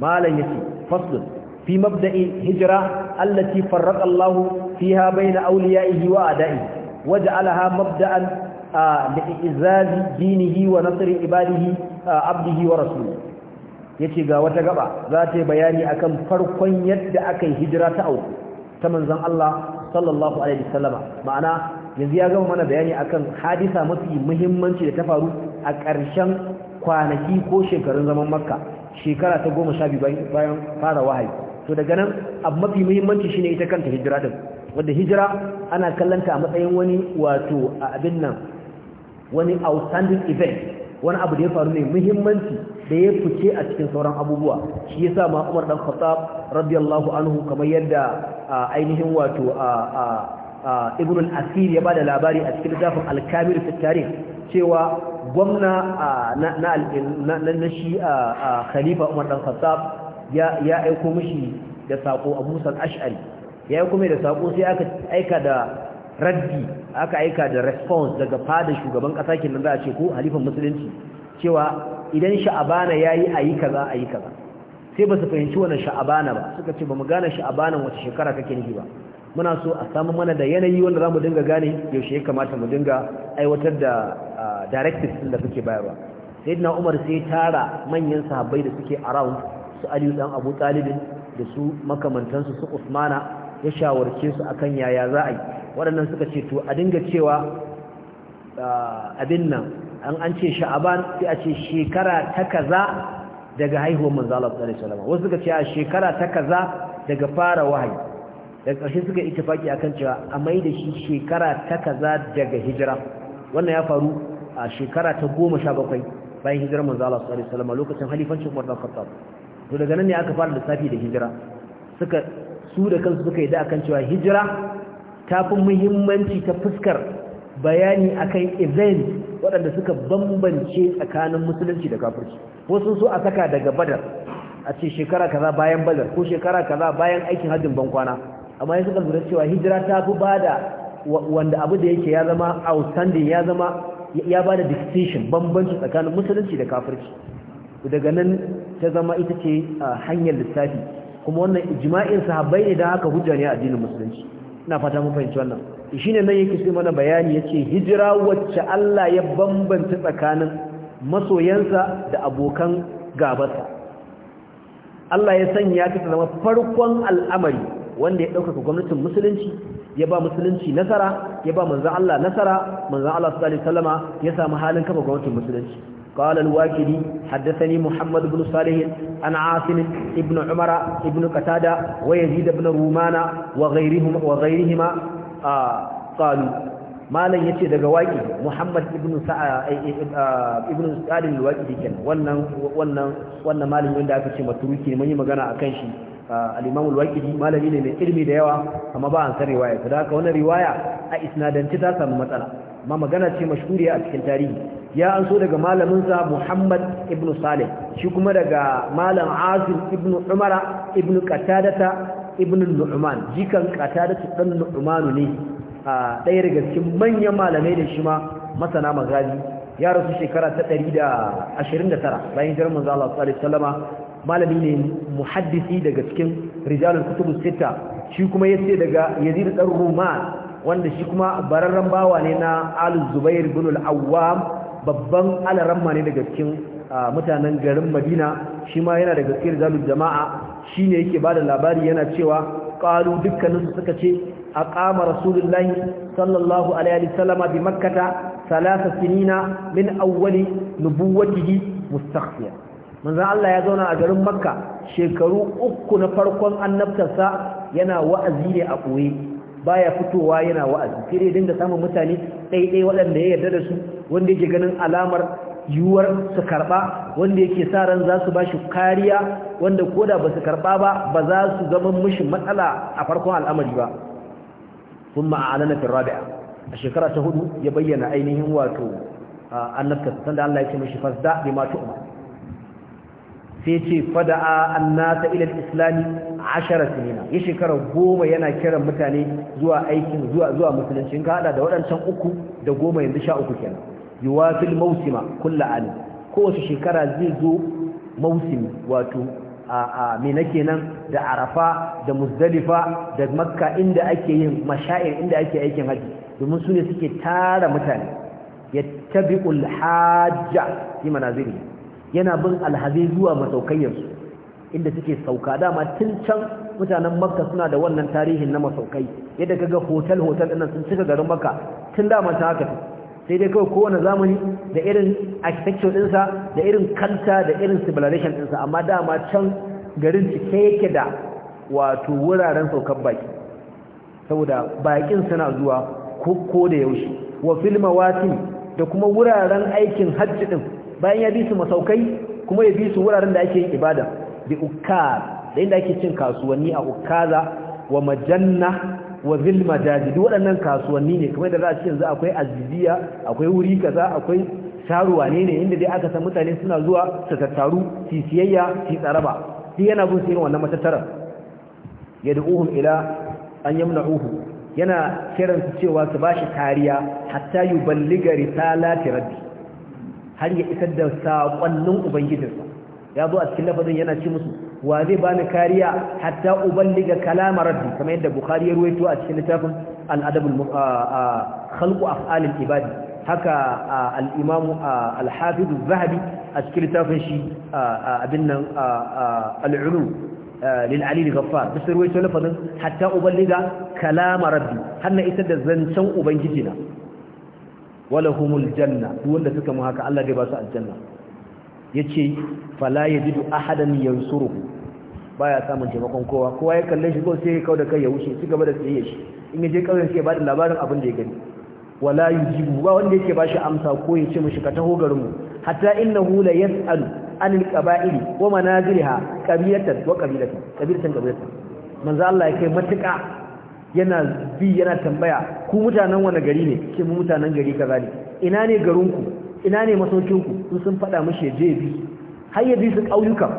Malam ya ce, faslun fi mabda'i hijira allati farraqa Allah fiha baina awliya'ihi wa a'da'ihi waja'alaha mabda'an li izazi dinihi wa nasri ibadihi abdihi wa rasulihi yace ga wata gaba za ta yi bayani akan farkon yadda aka yi hijira ta au ta manzon Allah sallallahu alaihi wasallama ma'ana yanzu ya gama mana bayani akan hadisa mafi muhimmanci da ta faru a ƙarshen kwanaki ko shekarun zaman makka shekara ta goma sha biyu bayan fara wahayi to daga nan abu mafi muhimmanci shine ita kanta hijira din wanda hijira ana kallanta a matsayin wani wato abin nan wani outstanding event wani abu da ya faru mai muhimmanci da ya fice a cikin sauran abubuwa shi yasa ma Umar dan Khattab radiyallahu anhu kamar yadda ainihin wato Ibn al-Asir ya bada labari a cikin littafin Al-Kamil fi cewa gwamna na na na shi Khalifa Umar dan Khattab ya aiko mishi da sako Abu Musa ashari ya aiko mai da sako sai aka aika da raddi aka aika da response daga fadar shugaban kasa nan za a ce ko halifan musulunci cewa idan sha'abana yayi ayi kaza ayi kaza sai ba su fahimci wannan sha'abana ba suka ce ba mu gane sha'abana wace shekara kake nufi ba muna so a samu mana da yanayi wanda za mu dinga gane yaushe ya kamata mu dinga aiwatar da directives din da kake bayarwa sayyidina umar sai tara manyan sahabbai da suke around su aliyu dan abu talibin da su makamantansu su usmana ya shawarce su akan yaya za a yi waɗannan suka ce to a dinga cewa abin nan an an ce sha'aban sai a ce shekara ta kaza daga haihuwar manzo Allah sallallahu alaihi wasu suka ce a shekara ta kaza daga fara wahayi daga ƙarshe suka ittifaki akan cewa a mai da shi shekara ta kaza daga hijira wannan ya faru a shekara ta 17 bayan hijirar manzo Allah sallallahu alaihi lokacin halifancin Umar bin Khattab to daga nan ne aka fara lissafi da hijira suka su da kansu suka yi da akan cewa hijira ta fi muhimmanci ta fuskar bayani akan event waɗanda suka bambance tsakanin musulunci da kafirci wasu so a saka daga badar a ce shekara kaza bayan badar ko shekara kaza bayan aikin hajjin bankwana amma ya suka lura cewa hijira ta fi ba wanda abu da yake ya zama outstanding ya zama ya ba da distinction bambanci tsakanin musulunci da kafirci daga nan ta zama ita ce hanyar lissafi kuma wannan ijma'in sahabbai ne da haka hujja ne a addinin musulunci ina fata mun fahimci wannan shine nan yake sai mana bayani yace hijira wacce Allah ya bambanta tsakanin masoyansa da abokan gabarsa Allah ya sanya ta zama farkon al'amari wanda ya dauka gwamnatin musulunci ya ba musulunci nasara ya ba manzon Allah nasara manzon Allah sallallahu alaihi wasallama ya samu halin kafa gwamnatin musulunci قال الواكدي حدثني محمد بن صالح عن عاصم ابن عمر ابن قتادة ويزيد بن رومان وغيرهم وغيرهما آه ما لن يتي daga waki Muhammad ibn Sa'a ibn Salim al-Waqidi wannan wannan wannan malamin da aka ce maturuki ne mun yi magana akan shi al-Imam al-Waqidi malami ne mai ilimi da yawa amma ba an san riwaya saboda haka wannan riwaya a isnadanci ta samu matsala amma magana ce mashhuriya a cikin tarihi ya an so daga malaminsa Muhammad ibn Salih shi kuma daga malam Asim ibn Umara ibn Qatadata ibn Nu'man jikan Qatadata dan Nu'man ne a ɗaya daga cikin manyan malamai da shi ma masana magazi ya rasu shekara ta 129 bayan hijirar manzo Allah sallallahu alaihi wasallama malami ne muhaddisi daga cikin rijalul kutub sita shi kuma yace daga Yazid dan Ruman wanda shi kuma bararren bawa ne na Al-Zubair ibn Al-Awwam babban alaramma ne daga cikin mutanen garin madina shi ma yana daga da zalun jama'a shi ne yake ba da labari yana cewa ƙalu dukkaninsu suka ce a ƙama rasulullahi sallallahu alaihi wasallama bi makkata salasa sinina min awwali nubuwatihi mustaghfiya manzon Allah ya zauna a garin makka shekaru uku na farkon annabtarsa yana wa'azi ne a ɓoye baya fitowa yana wa'azi sai dai dinga samun mutane daidai waɗanda ya yarda da su wanda yake ganin alamar yiwuwar su karɓa wanda yake sa ran za su ba shi kariya wanda koda ba su karɓa ba ba za su zama mishi matsala a farkon al'amari ba sun ma'alana fi rabi'a a shekara ta hudu ya bayyana ainihin wato annabta sanda Allah ya ce mishi fasda bi ma tu'ma sai ce fada'a annasa ila al-islami ashara sinina ya shekara goma yana kiran mutane zuwa aikin zuwa zuwa musulunci ka hada da waɗancan uku da goma yanzu sha uku kenan yuwafil mausima kulla an kowace shekara zai zo mausimi wato a me nake nan da arafa da muzdalifa da makka inda ake yin mashair inda ake aikin haji domin su ne suke tara mutane yattabi'ul hajja fi yana bin alhazai zuwa masaukayyarsu inda suke sauka dama tun can mutanen makka suna da wannan tarihin na masaukai yadda kaga hotel hotel ɗin sun cika garin makka tun dama ta haka sai dai kawai kowane zamani da irin architecture ɗinsa da irin kanta da irin civilization ɗinsa amma dama can garin cike yake da wato wuraren saukan baki saboda bakin suna zuwa ko da yaushe wa filma watin da kuma wuraren aikin hajji ɗin bayan ya bi su masaukai kuma ya bi su wuraren da ake yin ibada bi ukkar da inda ake cin kasuwanni a ukkaza wa majanna wa zil majajid waɗannan kasuwanni ne kamar da za a ce yanzu akwai aziziya akwai wuri kaza akwai sharuwa ne ne inda dai aka san mutane suna zuwa su tattaru su siyayya su tsaraba sai yana bin sayin wannan da yad'uhum ila an uhu yana kiran su cewa su bashi kariya hatta yuballiga risalati rabbi har ya isar da sakonnin ubangijinsa ya zo a lafazin yana ci musu wa zai bani kariya hatta uballiga kalama rabbi kamar yadda bukhari ya ruwaito a cikin littafin al-adabul khalqu af'al al haka al-imam al-hafiz zahabi a cikin littafin shi abin nan al-ulu lil ali al-ghaffar bi ruwaito lafazin hatta uballiga kalama rabbi har na isar da zancen ubangijina wala humul janna duk wanda suka mu haka Allah zai ba su aljanna yace fala yajidu ahadan yansuruhu baya samun taimakon kowa kowa ya kalle shi ko sai ya da kai ya wuce ci gaba da tsaye shi in ya kauyen sai ya bada labarin abin da ya gani wala yujibu ba wanda yake shi amsa ko ya ce mishi ka taho garin mu hatta innahu la yas'alu anil qaba'ili wa manaziliha qabilatan wa qabilatan qabilatan qabilatan manzo Allah ya kai matuka yana bi yana tambaya ku mutanen wani gari ne ke mu mutanen gari kaza ne ina ne garinku ina ne ku sun sun faɗa mashi je bi har ya su ƙauyukan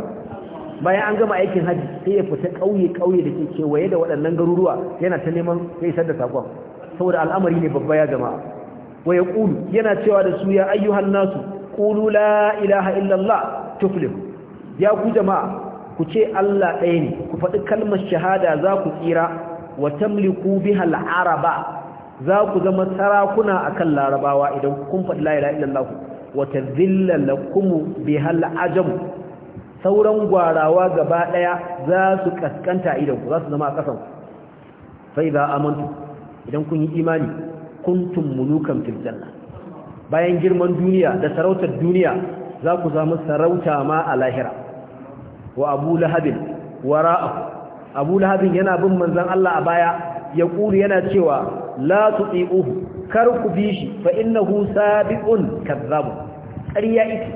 bayan an gama aikin haji sai ya fita ƙauye-ƙauye da ke kewaye da waɗannan garuruwa yana ta neman ya isar da saƙon saboda al'amari ne babba ya jama'a wa ya ƙulu yana cewa da su ya ayyuhan nasu ƙulu la ilaha illallah tuflih ya ku jama'a ku ce Allah ɗaya ne ku faɗi kalmar shahada za ku tsira wa tamliku biha al'araba za ku zama sarakuna a kan larabawa idan kun faɗi la wata illallah da tadhilla bai bihal ajam sauran gwarawa gaba ɗaya za su kaskanta idan ku za su zama a kasan za a amantu idan kun yi imani kuntum mulukan fil bayan girman duniya da sarautar duniya za ku zama sarauta ma a lahira wa abu lahabin abu lahabin yana bin manzon Allah a baya ya yana cewa la tuti'uhu kar ku bi shi fa innahu sabiqun kazzab ƙarya ita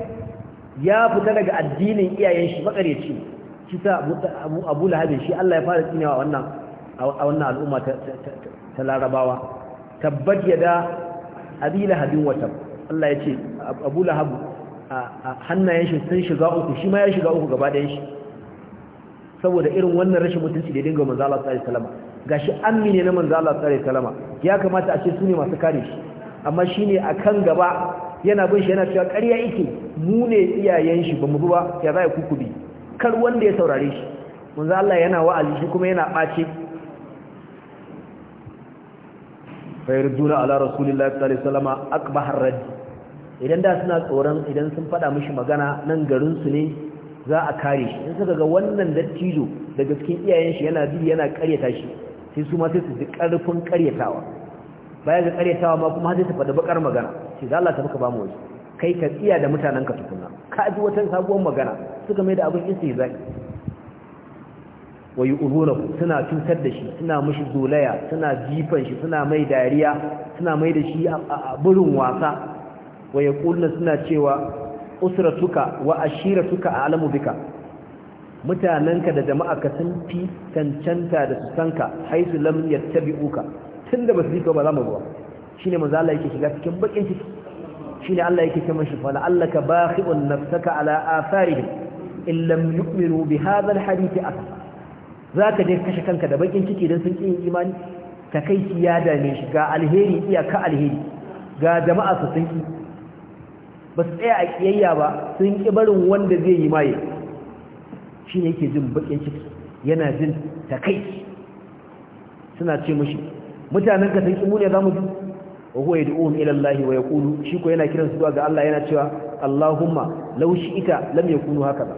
ya fita daga addinin iyayen shi makareci kisa Abu Abu Lahab shi Allah ya fara tsinewa wannan a wannan al'umma ta Larabawa tabbat yada Abi Lahab wa tab Allah ya ce Abu Lahab hannayen shi sun shiga uku shi ma ya shiga uku gaba ɗayan shi saboda irin wannan rashin mutunci da dinga manzo Allah sallallahu alaihi wasallam gashi ammi ne na manzo Allah sallallahu ya kamata a ce su ne masu kare shi amma shine akan gaba yana bin shi yana cewa ƙarya yake mu ne iyayen shi ba bi ba ya za ku kubi kar wanda ya saurare shi manzo Allah yana wa'azi shi kuma yana bace fayyarduna ala rasulillahi sallallahu alaihi wasallam akbahar radd idan da suna tsoron idan sun faɗa mishi magana nan garin su ne za a kare shi in suka ga wannan dattijo daga cikin iyayen shi yana bi yana karyata shi sai su ma sai su ji karfin karyatawa baya ga karyatawa ma kuma sai su faɗi bakar magana sai da Allah ta baka ba mu kai ka tsiya da mutanen ka tukuna ka ji wata sabuwar magana suka mai da abin istihza'i wa yu'urunahu suna cutar da shi suna mishi zolaya suna jifan shi suna mai dariya suna mai da shi a burin wasa wa yaquluna suna cewa usratuka wa ashiratuka a'lamu bika mutanenka da jama'a sun fi cancanta da su sanka haisu lam yattabi'uka tunda ba su yi ba za mu Shi ne maza Allah yake shiga cikin bakin ciki ne Allah yake cewa shi fa la'allaka baqi'un nafsaka ala atharihim in lam yu'minu bi hadha alhadith Za zaka je kashe kanka da bakin ciki dan sun kin imani ta kai ya dame shi ga alheri iya ka alheri ga jama'a su sun ki ba su tsaya a kiyayya ba sun ki barin wanda zai yi maye shi ne yake jin bakin ciki yana jin kai suna ce mashi mutanen ka sun mu ne za mu ji wa huwa yad'uhum ila Allah wa yaqulu shi ko yana kiransu zuwa ga Allah yana cewa Allahumma law shi'ita lam yakunu hakaza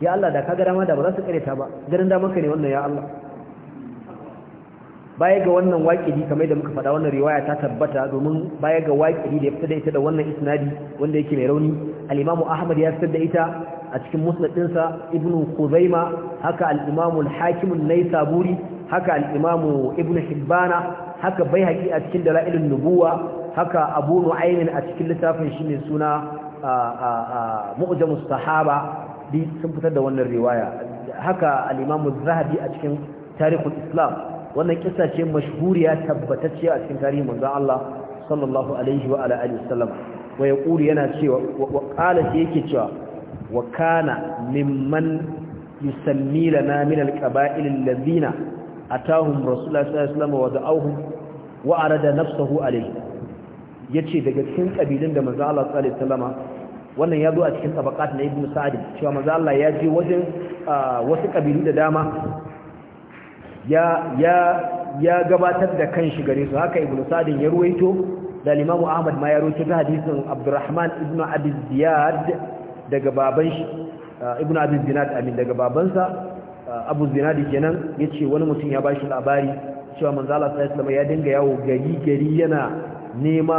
ya Allah da kaga dama da ba za su kareta ba garin da maka ne wannan ya Allah baya ga wannan waƙidi kamar da muka faɗa wannan riwaya ta tabbata domin baya ga waƙidi da ya fita da ita da wannan isnadi wanda yake mai rauni al-Imam Ahmad ya fitar da ita a cikin musnad Ibn ibnu haka al-imamu al-hakim an-naisaburi haka al-imamu ibnu hibbana haka baihaqi a cikin dalailun nubuwa haka abu nu'aymin a cikin littafin shi ne suna mu'jamus sahaba di sun fitar da wannan riwaya haka al az-zahabi a cikin tarihul islam wannan kissa ce mashhuriya tabbatacciya a cikin tarihin manzon Allah sallallahu alaihi wa ala alihi wasallam wa yaqulu yana cewa wa qala yake cewa wa kana mimman yusammi lana min alqaba'il alladhina atahum rasulullah sallallahu alaihi wasallam wa da'awhum wa arada nafsuhu alayhi yace daga cikin kabilan da manzo Allah sallallahu alaihi wasallama wannan ya zo a cikin tabaqat na ibnu sa'd cewa manzo Allah ya je wajen wasu kabilu da dama ya ya ya gabatar da kanshi gare su haka ibnu sa'd ya ruwaito da Imam Ahmad ma ya ruwaito da hadisin Abdurrahman ibn Abi Ziyad daga baban shi uh, ibn abi zinad amin daga babansa uh, abu zinad kenan ce wani mutum ya ba shi labari cewa manzo Allah sallallahu alaihi wasallam ya dinga yawo gari gari yana nema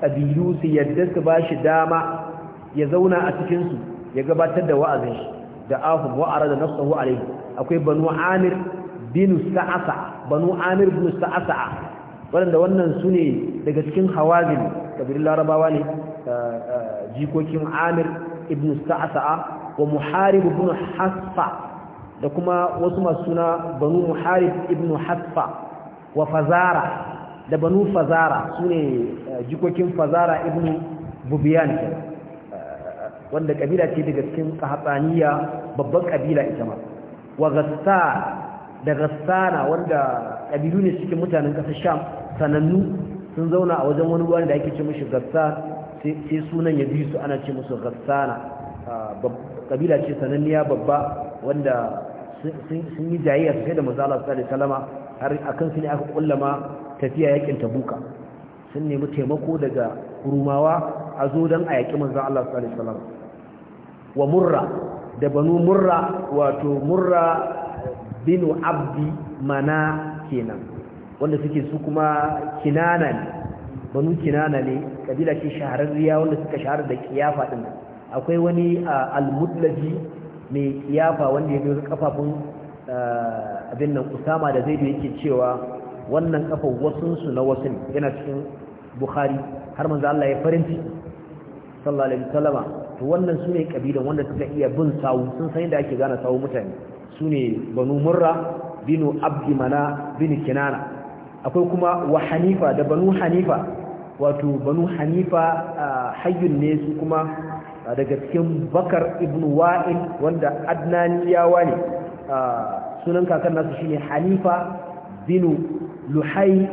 kabilu su yadda su bashi dama ya zauna a cikinsu ya gabatar da wa'azin shi da ahu wa arada nafsuhu alaihi akwai banu amir bin sa'asa banu amir bin sa'asa wanda wannan su ne daga cikin hawazin kabilun larabawa ne uh, jikokin amir ibn sa'sa'a wa muharib ibn hasfa da kuma wasu masuna suna banu muharib ibn hasfa wa fazara da banu fazara sune eh, jikokin fazara ibn bubiyan eh, wanda kabila ce daga cikin babban kabila ita ma wa da gassana wanda kabilu ne cikin mutanen kasar sham sanannu sun zauna a wajen wani ruwan da ake ce mishi gassan sai sunan ya bi su ana ce musu ghassana ah, kabila ce sananniya babba wanda sun yi jayayya sosai da manzo Allah sallallahu alaihi wasallama har akan su ne aka kullama tafiya yakin tabuka sun nemi taimako daga rumawa a zo don a yaƙi manzo Allah sallallahu wa murra da banu murra wato murra binu abdi mana kenan wanda suke su kuma kinana ne banu kinana ne kabila ce shahararriya wanda suka shahar da kiyafa din akwai wani almutlaji mai kiyafa wanda ya biyo kafafun abin nan usama da zai yake cewa wannan kafa wasunsu na wasu ne yana cikin bukhari har manzo Allah ya farin sallallahu alaihi wasallama to wannan sune kabila wanda suka iya bin sawu sun san yadda ake gane sawu mutane sune banu murra binu abdi mana binu kinana akwai kuma wa hanifa da banu hanifa wato banu hanifa hayyun ne su kuma daga cikin bakar ibn wa'il wanda adnaniyawa ne sunan kakan nasu shine hanifa bin luhai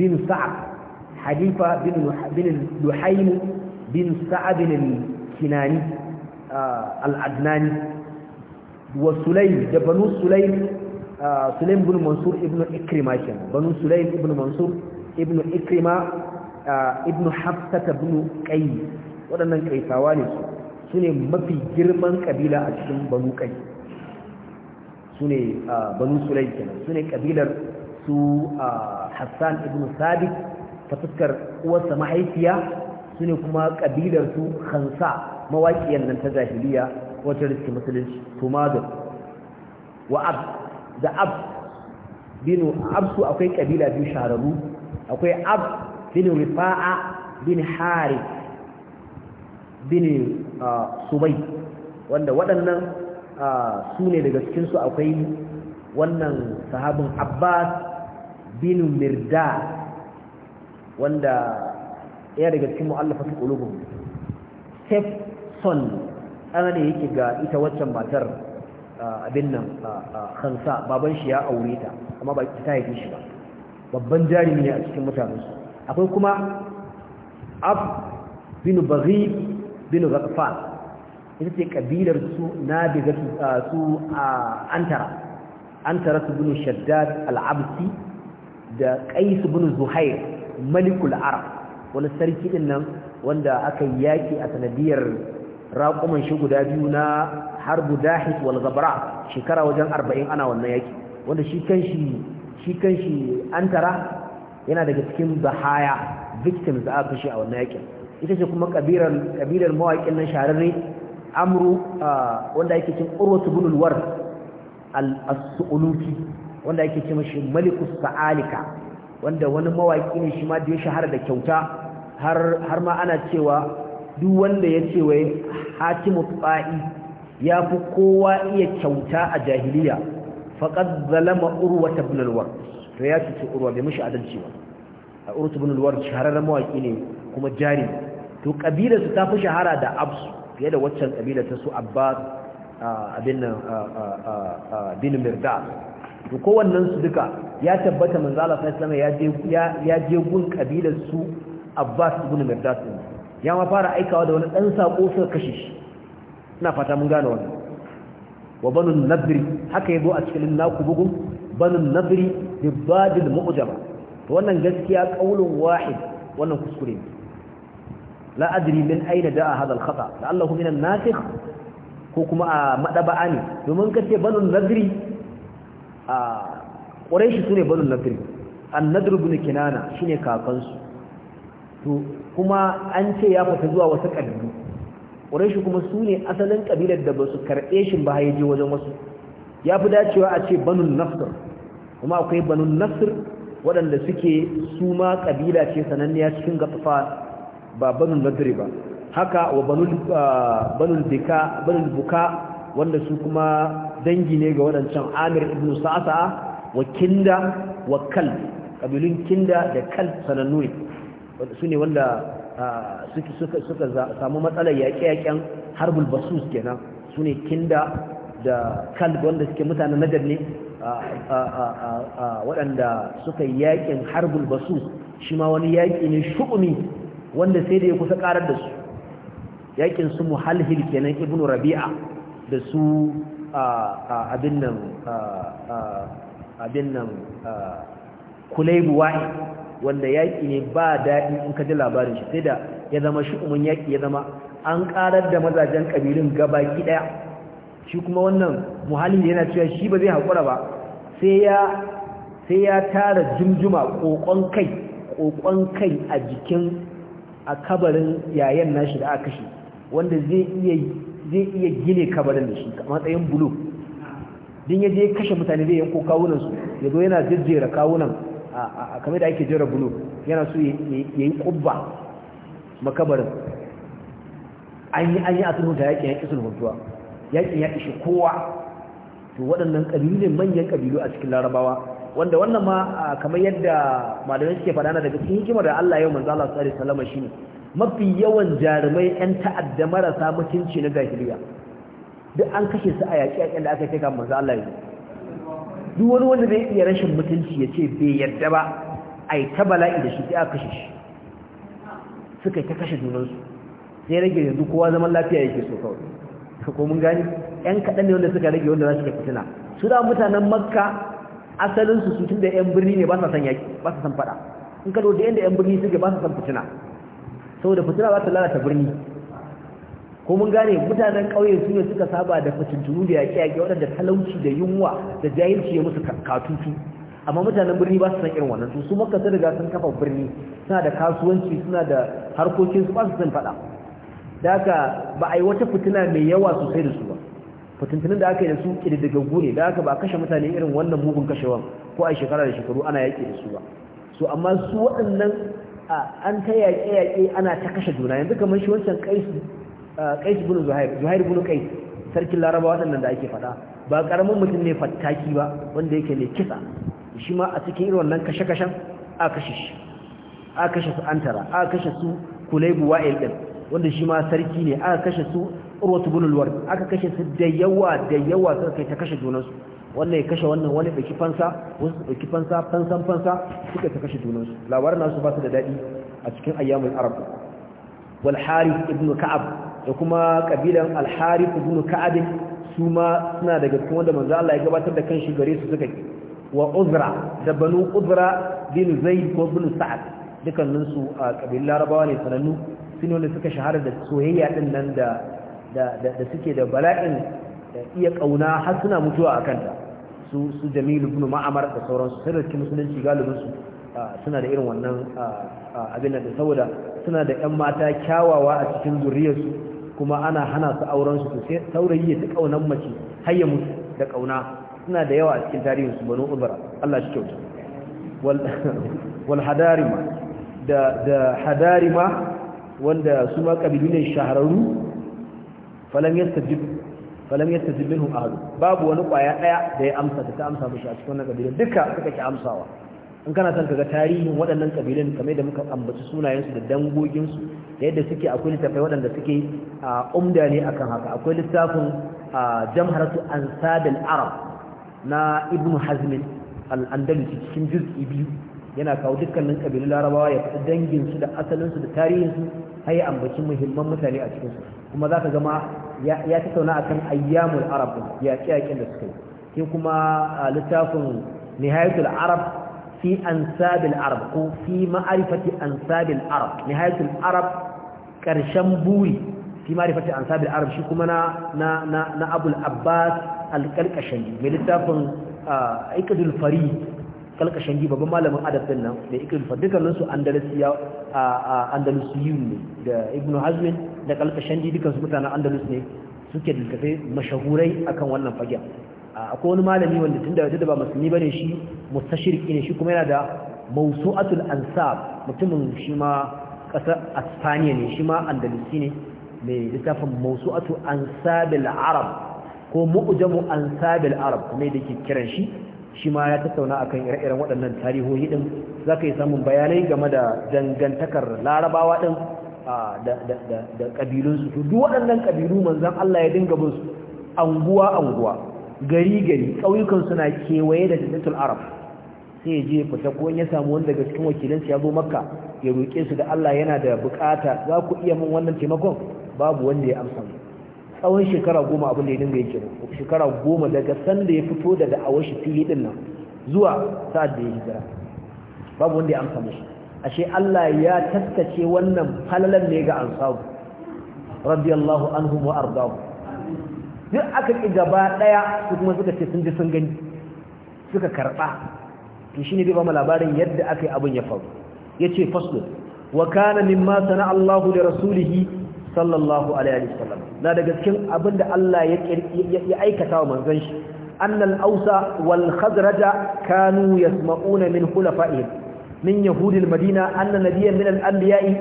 bin sa'ad hanifa bin luhai bin sa'ad bin kinani al'adnani wa sulaim da banu sulaim sulaim bin mansur ibn ikrima kenan banu sulaim ibn mansur ibn ikrima ibn hafsata bin qay waɗannan kaisawa ne su ne mafi girman ƙabila a cikin banu su sune banu sulaim su ne kabilar su hassan ibn sadiq ta fuskar uwarsa mahaifiya ne kuma ƙabilar su khansa mawaƙiyar nan ta jahiliya wacce riski musulunci tumadun wa ab da ab binu akwai ƙabila biyu shahararru akwai ab bin rifa'a bin harith bin uh, subai wanda waɗannan uh, su ne daga cikinsu akwai wannan sahabin abbas bin mirda wanda ya daga cikin mu'allafatu qulubum stepson ana ne yake ga ita waccan matar uh, abin nan kansa baban shi ya aure ta amma ba ta haife shi ba babban jarumi ne a cikin mutanensu akwai kuma ab bin baghi bin ghafan ita ce kabilar su nadiga su antara antara su bin shaddad al-absi da qais bin zuhair malikul arab wani sarki din nan wanda aka yi yaki a sanadiyar raƙuman shi guda biyu na harbu dahis wal gabra shekara wajen 40 ana wannan yaki wanda shi kan shi antara yana daga cikin bahaya victims da aka kashe a wannan yakin ita ce kuma kabilar kabilar mawaƙin nan shahararre amru wanda yake cikin urwatu bin alwar al-suluki wanda yake ce mashi malikus sa'alika wanda wani mawaƙi ne shi ma da ya shahara da kyauta har har ma ana cewa duk wanda ya ce wai hatimu tsa'i ya fi kowa iya kyauta a jahiliya faqad zalama urwatu bin alwar to ya cuci urwa bai mishi adalci ba a urtu bin luwar shahararren mawaƙi ne kuma jari to ƙabilarsu ta fi shahara da absu fiye da waccan kabila ta su abbas abin bin mirda to kowannen su duka ya tabbata sai sama ya je ya je gun kabilar su Abbas mirda din ya ma fara aikawa da wani dan sako sai kashe shi ina fata mun gane wannan wa banu nadri haka yabo a cikin naku bugun banin nadri bi badil mu'jama wannan gaskiya qaulun wahid wannan kuskure ne la adri min aina da'a hadha al-khata la'allahu min an-nasikh ko kuma a madaba'a ne domin kace banin nadri a quraishi sune banin nadri an-nadr ibn kinana shine kakansu to kuma an ce ya fita zuwa wasu kabilu ƙurashi kuma su ne asalin ƙabilar da ba su karɓe shi ba ya je wajen wasu ya fi dacewa a ce banun naftar. kuma akwai banu nasr waɗanda suke su ma ƙabila ce sananniya cikin gafafa ba banu nadri ba haka wa ah, banu bika banu buka wanda su kuma dangi ne ga waɗancan amir ibn sa'asa wa kinda wa kal ƙabilun kinda da kal sanannu ne su ne wanda ah, suka samu matsalar yaƙe-yaƙen harbul basus kenan su ne kinda da kal wanda suke mutanen nadar ne waɗanda suka yi yaƙin harbul basu shi ma wani yaki ne shuɓumi wanda sai da ya kusa ƙarar da su Yaƙin su muhalhil kenan Ibn rabi'a da su abin nan abin kulaibu wa'i wanda yaki ne ba daɗi in ka ji labarin shi sai da ya zama shuɓumin yaki ya zama an ƙarar da mazajen ƙabilun gabaki ɗaya shi kuma wannan muhalli yana cewa shi ba zai haƙura ba sai ya ya tara jimjima kokon kai kokon kai a jikin a kabarin yayan nashi da aka shi wanda zai iya zai iya gine kabarin da shi a matsayin bulu din ya je kashe mutane zai yanko kawunan su ya yana jirjira kawunan a kamar da ake jera bulu yana so ya yi kubba makabarin an yi a yi a sulhunta yaƙi yaƙi sulhuntuwa yakin ya ishi kowa to waɗannan ƙabilu manyan ƙabilu a cikin larabawa wanda wannan ma kamar yadda malamai suke faɗa na daga cikin hikimar da Allah yau manzo Allah sallallahu alaihi wasallam shine mafi yawan jarumai yan ta'adda marasa mutunci na jahiliya duk an kashe su a yaƙi a da aka kai ka manzo Allah yau duk wani wanda zai iya rashin mutunci ya ce bai yarda ba ai ta bala'i da shi sai aka kashe shi suka ta kashe junansu sai rage yanzu kowa zaman lafiya yake so kawai ko mun gani yan kaɗan ne wanda suka rage wanda za su ke fitina su da mutanen makka asalinsu su tun da yan birni ne ba sa san yaki ba sa san faɗa in ka da yadda yan birni suke ba sa san fitina saboda fitina ba ta lalata birni ko mun gane mutanen ƙauye su ne suka saba da fitintunu da yaƙe-yaƙe waɗanda talauci da yunwa da jahilci ya musu katutu amma mutanen birni ba su san irin wannan su Su sun riga sun kafa birni suna da kasuwanci suna da harkokin su ba su san faɗa da aka ba a yi wata fitina mai yawa sosai da su ba fitintunin da aka yi da su ƙididdigaggu ne da aka ba a kashe mutane irin wannan mugun kashewan ko a shekara da shekaru ana yaƙi da su ba so amma su waɗannan an ta yaƙe-yaƙe ana ta kashe juna yanzu kamar shi wancan kais bin zuhair zuhair bin kais sarkin laraba waɗannan da ake faɗa ba ƙaramin mutum ne fattaki ba wanda yake mai kisa shi ma a cikin irin wannan kashe-kashen a kashe shi a kashe su antara a kashe su kulaibu wa'il ɗin wanda shi ma sarki ne aka kashe su urwatu bin aka kashe su da yawa da yawa suka kai ta kashe junansu wannan ya kashe wannan wani ɗauki fansa wasu ɗauki fansa fansan fansa suka ta kashe junansu labarin nasu ba su da dadi a cikin ayyamul arab wal harith ibn ka'ab da kuma kabilan al harith ibn ka'ab su ma suna daga cikin wanda manzo Allah ya gabatar da kanshi gare su suka wa uzra da banu uzra bin zaid ko bin sa'ad dukkaninsu a kabilan larabawa ne sanannu su wanda suka shahara da soyayya din nan da da suke da bala'in iya kauna har suna mutuwa a kanta su jamilu ibn ma'amar da sauransu sai da musulunci galibinsu su suna da irin wannan abin da saboda suna da yan mata kyawawa a cikin zuriyarsu kuma ana hana su auren su sai saurayi ya ta mace har ya mutu da ƙauna suna da yawa a cikin tarihin su banu Allah shi kyauta wal [laughs] ma. da hadari ma. wanda su ma kabilu ne shahararru falam yastajib falam yastajib minhu babu wani kwaya daya da ya amsa ta amsa mishi a cikin wannan kabilun duka suka ki amsawa in kana son kaga tarihin waɗannan kabilun kamar da muka ambaci sunayen su da dangoginsu da yadda suke akwai littafai waɗanda suke a umda ne akan haka akwai littafin jamharatu ansadul arab na ibnu hazm al-andalusi cikin juz'i biyu yana kawo dukkanin kabilun larabawa ya dangin danginsu da asalinsu da tarihinsu har ya ambaci muhimman mutane a cikin su kuma za ka gama ya tattauna akan ayyamul arab ya yaƙin da suka yi sai kuma littafin nihayatul arab fi ansabil arab ko fi ma'arifati ansabil arab nihayatul arab karshen buri fi ma'arifati ansabil arab shi kuma na na na, abul abbas alƙalƙashin mai littafin aikadul fari. kalkashin babban malamin adab din nan da ikil fa dukkanin su andalusiya andalusiyun ne da ibnu hazm da kalkashin dukkan su mutanen andalus ne suke da kafe mashahurai akan wannan fagen akwai wani malami wanda tunda da ba musulmi bane shi mustashriki ne shi kuma yana da mawsu'atul ansab mutumin shi ma kasar Aspaniya ne shi ma andalusi ne mai littafin mawsu'atu ansabil arab ko mu'jamu ansabil arab kuma da ke kiran shi shi ma ya tattauna akan ire-iren waɗannan tarihohi ɗin za ka yi samun bayanai game da dangantakar larabawa ɗin da ƙabilunsu duk waɗannan ƙabilu manzan Allah ya dinga bin su anguwa-anguwa gari-gari ƙauyukan suna kewaye da jinnatul arab sai ya je fita ko ya samu wani daga cikin wakilin ya zo makka ya roƙe su da Allah yana da bukata za ku iya min wannan taimakon babu wanda ya amsa mu tsawon shekara goma abin da ya dinga yake shekara goma daga sanda ya fito daga awon shi fili din nan zuwa sa'ad da ya hijira babu wanda ya amsa mashi ashe Allah ya tattace wannan halalan ne ga ansabu radiyallahu anhum wa ardahu duk aka ki gaba daya su kuma suka ce sun ji sun gani suka karba to shine bai ba mu labarin yadda aka yi abin ya faru yace fasl wa kana mimma sana Allahu li rasulihi sallallahu alaihi wasallam na daga cikin abinda Allah ya aikatawa aikata wa manzon shi annal ausa wal khazraja kanu yasma'una min khulafa'ihim min yahudil madina anna nabiyyan min al anbiya'i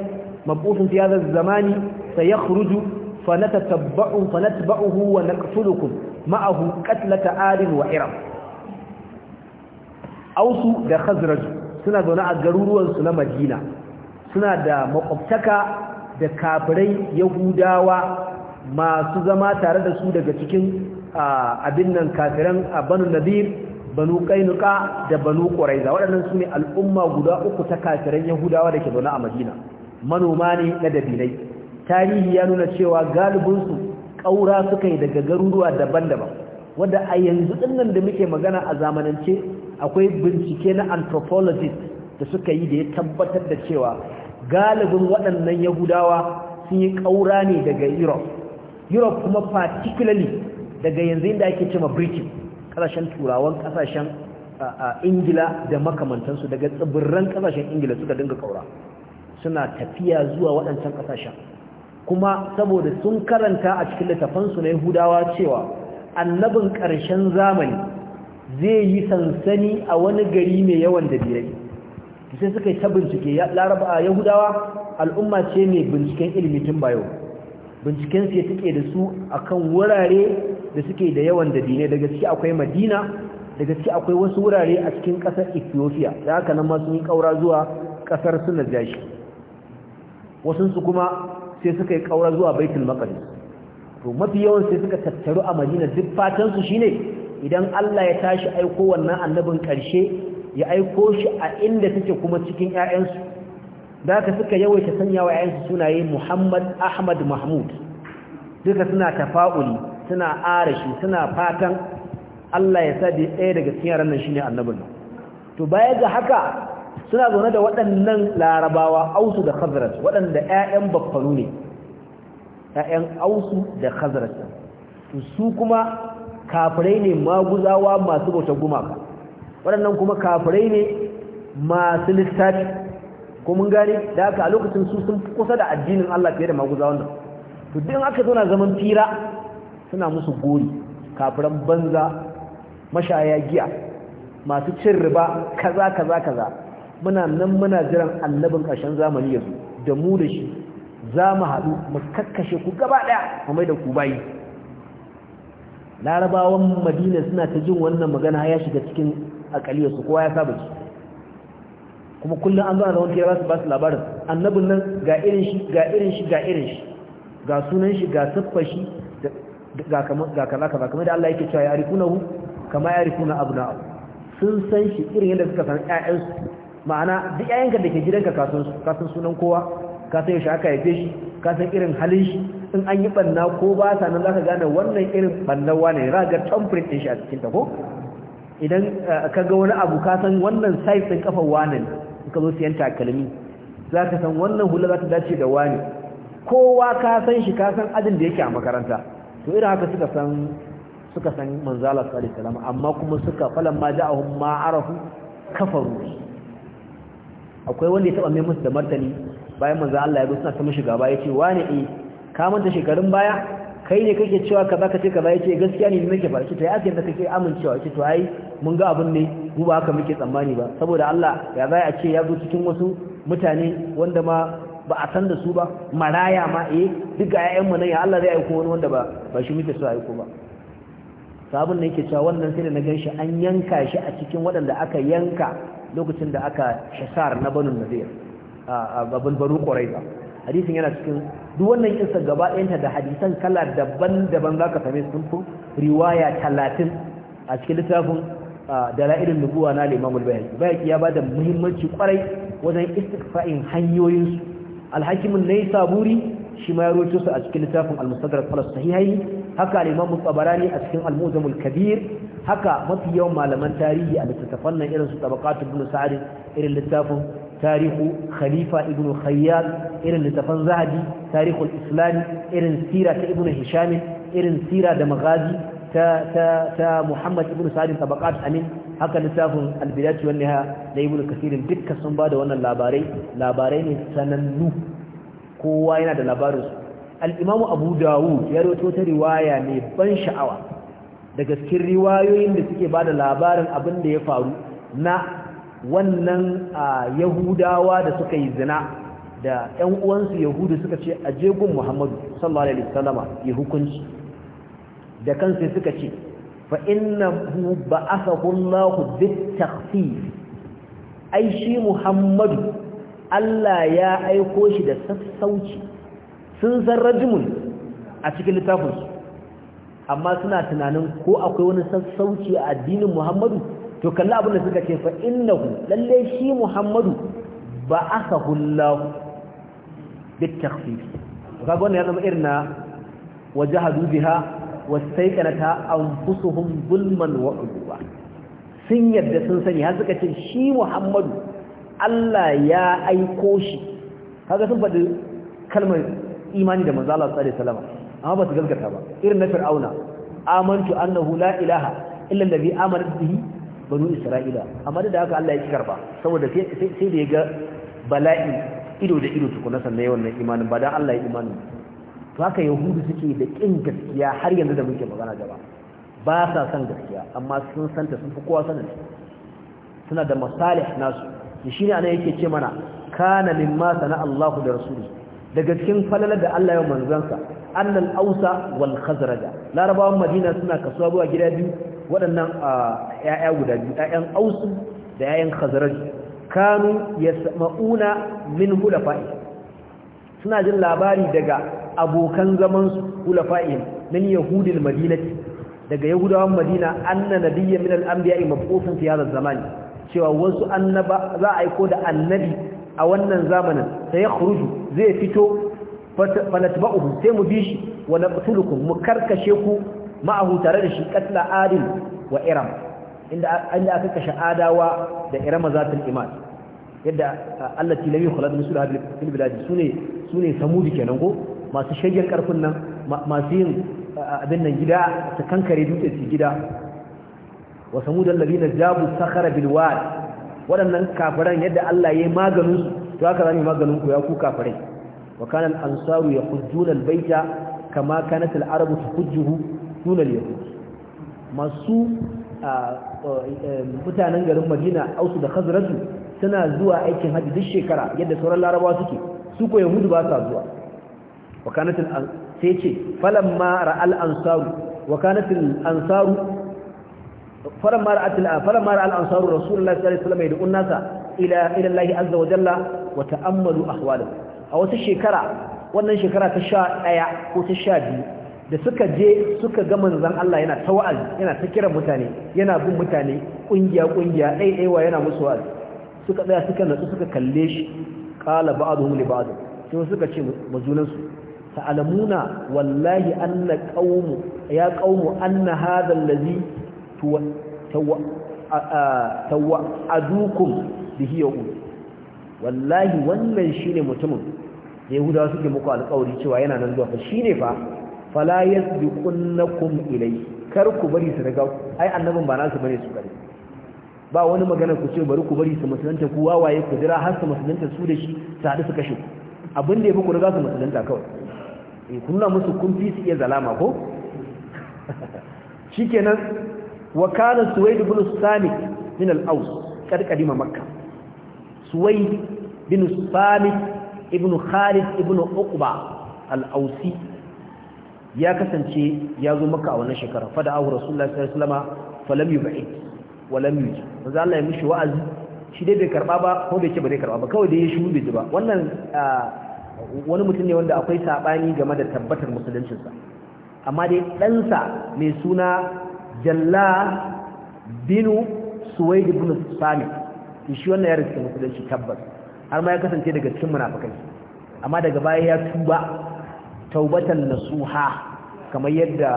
mab'uthun fi hadha az-zamani sayakhruju fanatatabba'u fanatba'uhu wa naqtulukum ma'ahu qatlata alin wa iram ausu da khazraj suna zaune a garuruwan su na madina suna da makwabtaka da kafirai yahudawa masu zama tare da su daga cikin abin nan kafiran banu nadir banu kainuka da banu ƙuraiza waɗannan su ne al'umma guda uku ta kafiran yahudawa da ke zaune a madina manoma ne na dabinai tarihi ya nuna cewa galibinsu ƙaura suka yi daga garuruwa daban-daban wadda a yanzu ɗinnan da muke magana a zamanance akwai bincike na anthropologist da suka yi da ya tabbatar da cewa galibin waɗannan yahudawa sun yi ƙaura ne daga europe europe kuma particularly daga yanzu inda ake cima britain ƙasashen turawan ƙasashen ingila da makamantansu daga tsibirin ƙasashen ingila suka dinga ƙaura suna tafiya zuwa waɗancan ƙasashen kuma saboda sun karanta a cikin littafansu na yahudawa cewa annabin ƙarshen zamani zai yi sansani a wani gari mai yawan da dabirai sai suka yi ta bincike laraba yahudawa al'umma ce mai binciken ilimin tun bayo binciken su ya da su akan wurare da suke da yawan da dine daga ciki akwai madina daga ciki akwai wasu wurare a cikin kasar ethiopia da haka nan masu yi kaura zuwa kasar suna jashi wasunsu kuma sai suka yi kaura zuwa baitul maqdis to mafi yawan sai suka tattaru a madina duk fatan su shine idan Allah ya tashi aiko wannan annabin karshe ya aiko shi a inda take kuma cikin ƴaƴansu da ka suka yawaita sanya wa ƴaƴansu sunaye Muhammad Ahmad Mahmud duka suna tafa'uli suna arashi suna fatan Allah ya sa ɗaya daga cikin yaran nan shine annabin nan to baya ga haka suna zaune da waɗannan larabawa ausu da khazraj waɗanda ƴaƴan baffanu ne ƴaƴan ausu da khazraj su kuma kafirai ne maguzawa masu bauta gumaka waɗannan kuma kafirai ne masu littafi ko mun gane da haka a lokacin su sun fi kusa da addinin Allah fiye da maguza wanda to din aka zo na zaman fira suna musu gori kafiran banza mashaya giya masu cin riba kaza kaza kaza muna nan muna jiran annabin ƙarshen zamani yanzu da mu da shi za mu haɗu mu kakkashe ku gaba ɗaya mu mai da ku bayi larabawan madina suna ta jin wannan magana ya shiga cikin akaliyar su kowa ya saba shi kuma kullum an zana wani kira ba su labarin annabin nan ga irin shi ga irin shi ga irin shi ga sunan shi ga siffar shi ga kaza kaza kamar da Allah yake cewa ya hu kama ya na abna'u sun san shi irin yadda suka san ƴaƴansu ma'ana duk ƴaƴanka da ke gidanka ka san sunan kowa ka san yaushe aka haife shi ka san irin halin shi in an yi banna ko ba sa nan zaka gane wannan irin bannan wane za ga tamprint din shi a cikin ta ko idan eh, ka ga wani abu ka san wannan size din kafar wani ka zo siyan takalmi za ka san wannan hula za ta dace da wani kowa ka san shi ka san ajin da yake a makaranta to irin haka suka san suka san manzala sallallahu alaihi wasallam amma kuma suka falan ma ja'ahum ma arafu kafaru akwai wanda ya taba mai musu da martani bayan manzo Allah ya zo suna ta mishi gaba yace wani eh ka manta shekarun baya kai ne kake cewa kaza baka ce kaza yace gaskiya ne ke farki to ya ake da kake amincewa yace to ai mun ga abin ne mu ba haka muke tsammani ba saboda Allah ya zai a ce ya zo cikin wasu mutane wanda ma ba a san da su ba maraya ma eh duk ga ƴaƴan mu ne ya Allah zai aiko wani wanda ba ba shi muke so aiko ba sabon ne yake cewa wannan sai da na ganshi an yanka shi a cikin waɗanda aka yanka lokacin da aka shasar na banun nadir a babban baru ba. hadisin yana cikin duk wannan kissa gaba ɗayanta da hadisan kala daban-daban za ka same sun fi riwaya talatin a cikin littafin la'irin nubuwa na limamul bayaki bayaki ya ba da muhimmanci kwarai wajen istikfa'in hanyoyinsu alhakimin na yi saburi shi ma ya roce su a cikin littafin al-musadar falas sahihai haka al-imamu tsabarani a cikin al al kabir haka mafi yawan malaman tarihi a littattafan nan irin su tabaqatul ibn irin littafin tarihu khalifa ibn khayyar irin littafan zahabi tarihul islami irin sira ta ibn hisham irin sira da magazi ta ta ta muhammad ibn sa'id tabaqat amin haka littafin albidatu wan niha da ibn kasir dukkan sun bada wannan labarai labarai ne sanannu kowa yana da labarin su al-imamu abu dawud ya rawaito ta riwaya ne ban sha'awa daga cikin riwayoyin da suke bada labarin abin da ya faru na wannan a yahudawa da suka yi zina da 'yan uwansu yahudu suka ce a jegun muhammadu sallallahu alaihi wasallama ya hukunci da kansu suka ce fa innahu ba'athahu Allahu bit-takhfif ai shi muhammadu Allah ya aiko shi da sassauci sun san rajimun a cikin littafinsu amma suna tunanin ko akwai wani sassauci a addinin muhammadu to kalli abin da suka ce fa innahu lalle shi muhammadu ba aka hullahu bit takhfif kaga wannan ya zama irin na wajahadu biha wastaiqanata anfusuhum zulman wa udwa sun yadda sun sani har suka ce shi muhammadu Allah ya aiko shi kaga sun faɗi kalmar imani da manzo Allah sallallahu alaihi amma ba su gaskata ba irin na fir'auna amantu annahu la ilaha illa allazi amanat bihi banu isra'ila amma da haka Allah ya ki karba saboda sai da ya ga bala'i ido da ido tukuna sannan yawan nan imanin ba dan Allah ya imanin to haka yahudu suke da kin gaskiya har yanzu da muke magana gaba ba sa san gaskiya amma sun santa sun fi kowa sanin suna da masalih nasu shi ne ana yake ce mana kana mimma sana Allahu da rasuluhu daga cikin falalar da Allah ya manzansa annal ausa wal khazraja larabawan madina suna kasuwa zuwa gida biyu waɗannan ‘ya'ya guda biyu ‘ya'yan ausu da ‘ya'yan khazaraj kanu ya ma'una min hulafa'i suna jin labari daga abokan zamansu hulafa'i min yahudin madinati daga yahudawan madina anna nabiyya min al'ambiya'i mabufin fi hadha zamani cewa wasu annaba za a aiko da annabi a wannan zamanin sai ya zai fito fanatba'uhu sai mu bi shi wa naqtulukum mu karkashe ku ma'ahu tare da shi katla adil wa iram inda aka kashe adawa da irama zatul iman yadda allati lam yukhlad musulha bil bilad sune sune samudi kenan ko masu shagen karfin nan masu yin abin nan gida su kankare dutse su gida wa samudan ladina jabu sakhara bil wad wadannan kafiran yadda Allah yayi maganin su to aka zamu maganin ku ya ku kafirai wa kana al ansaru ya al baita kama kanat Arabu ta tahujjuhu Nuna yahud masu mutanen garin madina ausu da khazraju suna zuwa aikin hajji duk shekara yadda sauran larabawa suke su ko yahudu ba sa zuwa wa kanatul sai ce falamma ra'al ansaru wa kanatul ansaru falamma ra'atul falamma ra'al ansaru rasulullahi sallallahu alaihi wasallam yad'un nasa ila ila Allah azza wa jalla wa ta'ammalu ahwalahu a wata shekara wannan shekara ta sha 11 ko ta sha biyu. da suka je suka ga manzan Allah yana ta wa'azi yana ta kiran mutane yana bin mutane ƙungiya-ƙungiya dai wa yana musu wa'azi suka tsaya suka natsu suka kalle shi qala ba'dhum li ba'd sai suka ce majunansu ta alamuna wallahi anna qaumu ya qaumu anna hadha allazi tuwa da bihi yaqul wallahi wannan shine mutumin da yahudawa suke muku alƙawari cewa yana nan zuwa fa ne fa fala yasbiqunnakum ilay kar ku bari su daga ai annabin ba nasu bane su kare ba wani magana ku ce bari ku bari su musulunta ku wawaye ku jira har su musulunta su da shi su su kashe abin da ya ku riga su musulunta kawai eh kunna musu kun fi su iya zalama ko [laughs] shikenan wa kana suwaid ibn samit min al-aws kad kadima makka suwaid ibn samit ibn khalid ibn uqba al-ausi ya kasance ya zo maka a wannan shekara fada ahu rasulullahi sallallahu alaihi wasallam falam yub'id walam yuji manzo Allah ya mishi wa'azi shi dai bai karba ba ko bai ce ba zai karba ba kawai dai ya shiru bai ji ba wannan wani mutum ne wanda akwai sabani game da tabbatar musuluncinsa amma dai ɗansa mai suna jalla binu suwaid ibn sami shi wannan ya rikice musulunci tabbas har ma ya kasance daga cikin munafikai amma daga baya ya tuba taubatan nasuha kamar yadda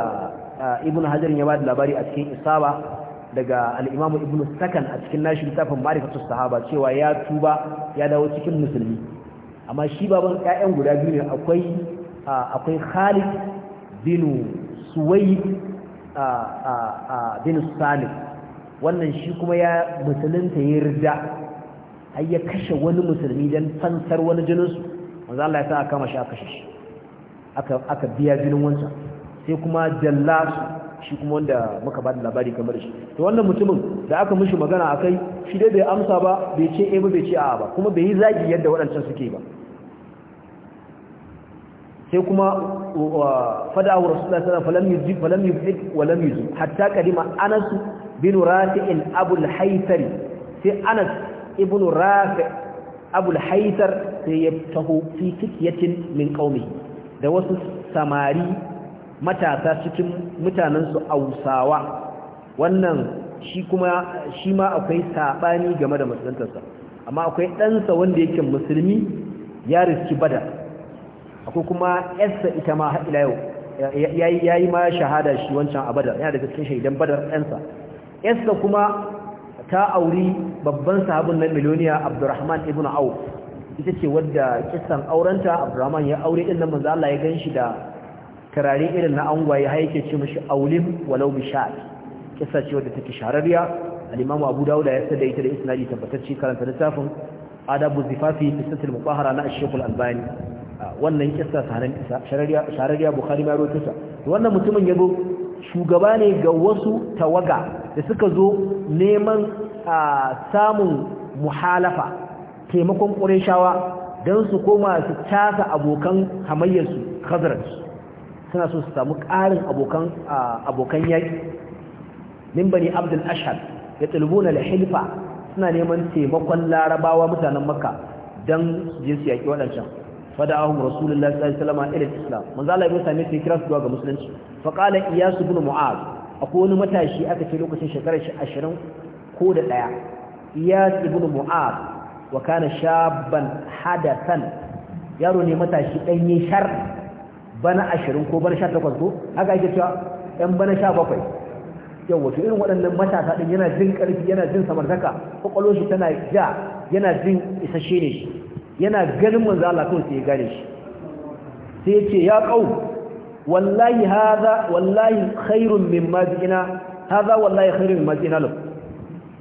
ibn hajar ya ba da labari a cikin isaba daga al'imamu ibn sakan a cikin nashi littafin marifatu sahaba cewa ya tuba ya dawo cikin musulmi amma shi baban 'ya'yan guda biyu ne akwai akwai khalid binu suwai bin salim wannan shi kuma ya musulunta ya rida har ya kashe wani musulmi don fansar wani jininsu wanzan Allah ya sa aka kama shi aka shi aka biya jinin wancan sai kuma jallas shi kuma wanda muka ba da labari kamar shi to wannan mutumin da aka mishi magana akai shi dai bai amsa ba bai ce eh bai ce a'a ba kuma bai yi zagi yadda waɗancan suke ba sai kuma uh, uh, fada'u rasulullahi sallallahu alaihi wasallam falam yujib falam yubhid wa lam hatta kadima anas bin rafi'in abul haythari sai anas ibn rafi' abul haythar sai ya taho fi kityatin min qaumi da wasu samari matasa cikin mutanensu ausawa wannan shi kuma shi ma akwai saɓani game da musulantarsa amma akwai ɗansa wanda yake musulmi ya riski bada akwai kuma yarsa ita ma haɗila yau ya yi ma shahada shi wancan a badar yana daga cikin shaidan badar ɗansa yarsa kuma ta auri babban sahabin na miliyoniya abdurrahman ibn auf ita ce wadda kisan aurenta abdurrahman ya aure ɗin nan manzo Allah ya ganshi da turare irin na angwaye har yake ce mashi aulim walau bishad kisa ce wadda take shahararriya al-imamu abu dawud ya sada ita da isnadi tabbatacce karanta littafin adabu zifafi fi sittatil muqahara na ash-shaykh al-albani wannan kisa sanan shahararriya shahararriya bukhari ma rawaito ta wannan mutumin yabo shugaba ne ga wasu tawaga da suka zo neman samun muhalafa taimakon qurayshawa don su koma su tasa abokan hamayyarsu khazraj suna so su samu ƙarin abokan yaƙi min bani abdul ashad ya tsulbuna da hilfa suna neman taimakon larabawa mutanen makka don je su yaƙi waɗancan fada ahun rasulullah sallallahu alaihi islam mun Allah ya same su kira su zuwa ga musulunci fa Iyasu iyas ibn mu'az akwai wani matashi aka ce lokacin shekarar shi 20 ko da ɗaya. iyas ibn mu'az wa kana shabban hadathan yaro ne matashi danye shar bana ashirin ko bana sha takwas ko haka ake cewa yan bana sha bakwai yau wato irin waɗannan matasa ɗin yana jin ƙarfi yana jin samartaka kwakwalwar shi tana ja yana jin isasshe ne shi yana ganin manzo Allah kawai sai ya gane shi sai ya ce ya ƙau wallahi haza wallahi khairun mimma ji'ina haza wallahi khairun mimma ji'ina lahu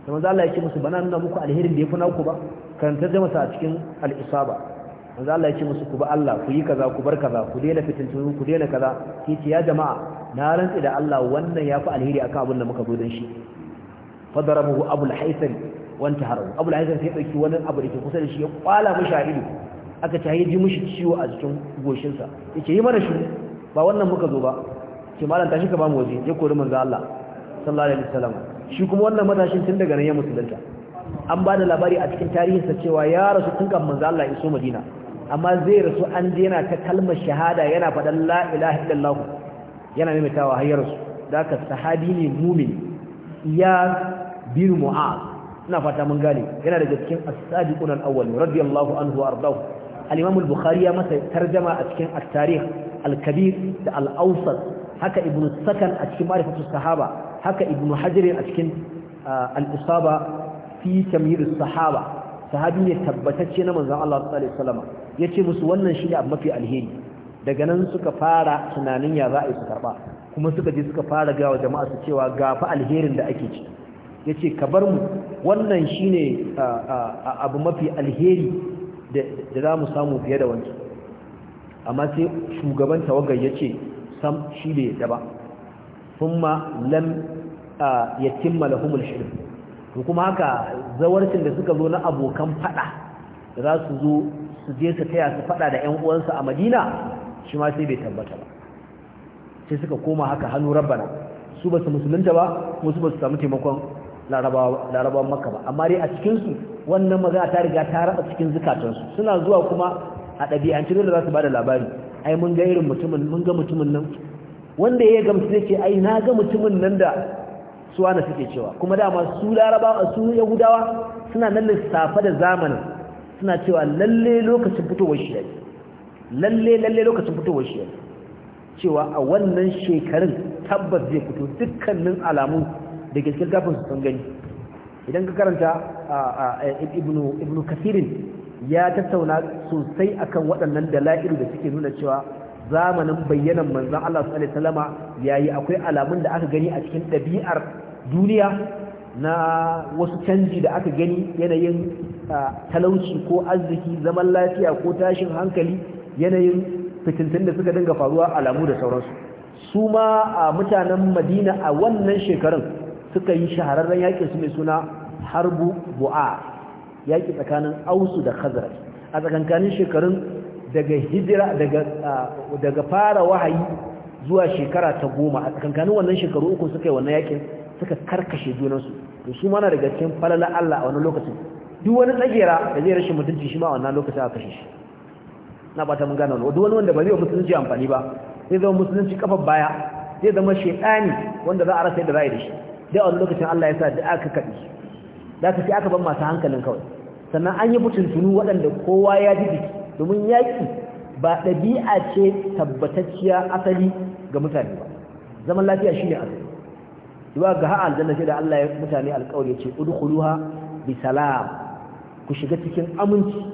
da manzo Allah ya ce musu bana nuna muku alherin da ya fi naku ba kan tarjama sa cikin al-isaba manzo Allah ya ce musu ku ba Allah ku yi kaza ku bar kaza ku daina fitintunu ku daina kaza yace ya jama'a na rantsi da Allah wannan yafi alheri akan abin da muka zo don shi fadarabahu abul haytham wanta haru abul haytham sai dauki wani abu da ke kusa da shi ya kwala mishi ido aka ta yi ji mishi ciwo a jikin goshin sa yace yi mana shi ba wannan muka zo ba ce malam tashi ka ba mu waje ya kori manzo Allah sallallahu alaihi wasallam shi kuma wannan matashin tun daga nan ya musulunta an ba da labari a cikin tarihinsa cewa ya rasu tun kan manzo Allah iso Madina amma zai rasu an je yana ta kalmar shahada yana faɗan la ilaha illallah yana maimaitawa har da ka sahabi ne mumin ya bin mu'az ina fata mun gane yana daga cikin as-sadiqun al radiyallahu anhu wa ardahu al-imam al-bukhari ya masa tarjama a cikin at-tarikh al-kabir da al-awsat haka ibnu sakan a cikin ma'rifatu sahaba haka ibnu hajar a cikin uh, al-isaba fi tamyiz as-sahaba sahabi ne tabbatacce na manzon Allah sallallahu alaihi wasallam yace musu wannan ne abu mafi alheri daga nan suka fara tunanin ya za a yi su karba kuma suka je suka fara ga jama'a su cewa ga fa alherin da ake ci yace ka bar mu wannan shine abu mafi alheri da za mu samu fiye da wancan amma sai shugaban tawagar yace sam shi da daba. ba lam yatimma lahumul shirk to kuma haka zawarcin da suka zo na abokan fada za su zo su je su taya su fada da ƴan uwansu a Madina shi ma sai bai tabbata ba sai suka koma haka hannu rabbana su ba su musulunta ba su ba su samu taimakon larabawan makka ba amma dai a cikinsu wannan magana ta riga ta raba cikin zukatansu suna zuwa kuma a ɗabi'anci da za su ba da labari ai mun ga irin mutumin mun ga mutumin nan wanda ya gamsu zai ce ai na ga mutumin nan da su ana suke cewa kuma dama su laraba su yahudawa suna nan lissafa da zamanin suna cewa lalle lokacin fitowar shi yayi lalle lalle lokacin fitowar shi ne. cewa a wannan shekarun tabbas zai fito dukkanin alamu da gaskiyar gafin su sun gani idan ka karanta ibnu kafirin ya tattauna sosai akan waɗannan da dala'ilu da suke nuna cewa zamanin bayyanan manzon Allah sallallahu alaihi wasallama yayi akwai alamun da aka gani a cikin ɗabi'ar duniya na wasu canji da aka gani yanayin talauci ko arziki zaman lafiya ko tashin hankali yanayin fitintun da suka dinga faruwa alamu da sauransu su ma a mutanen madina a wannan shekarun suka yi shahararren yaƙi su mai suna harbu bu'a yaƙi tsakanin ausu da khazar a tsakankanin shekarun daga hijira daga ah, daga fara wahayi zuwa shekara ta goma a tsakankanin wannan shekaru uku suka yi wannan yakin suka karkashe junansu to su mana daga cikin falala Allah a wannan lokacin duk wani tsagera da zai rashin mutunci shi ma a wannan lokacin aka kashe shi na ba ta mun gane wannan duk wani wanda ba zai mutunci amfani ba zai zama musulunci kafar baya zai zama shedani wanda za a rasa yadda za a yi da shi dai a wannan lokacin Allah ya sa da aka kaɗi da aka sai aka ban masu hankalin kawai sannan an yi mutuntunu waɗanda kowa ya ji jiki domin yaƙi ba ɗabi'a ce tabbatacciya asali ga mutane ba zaman lafiya shine asali duba ga ha'a aljanna sai da Allah ya mutane alƙawar ya ce udkhuluha bi salam ku shiga cikin aminci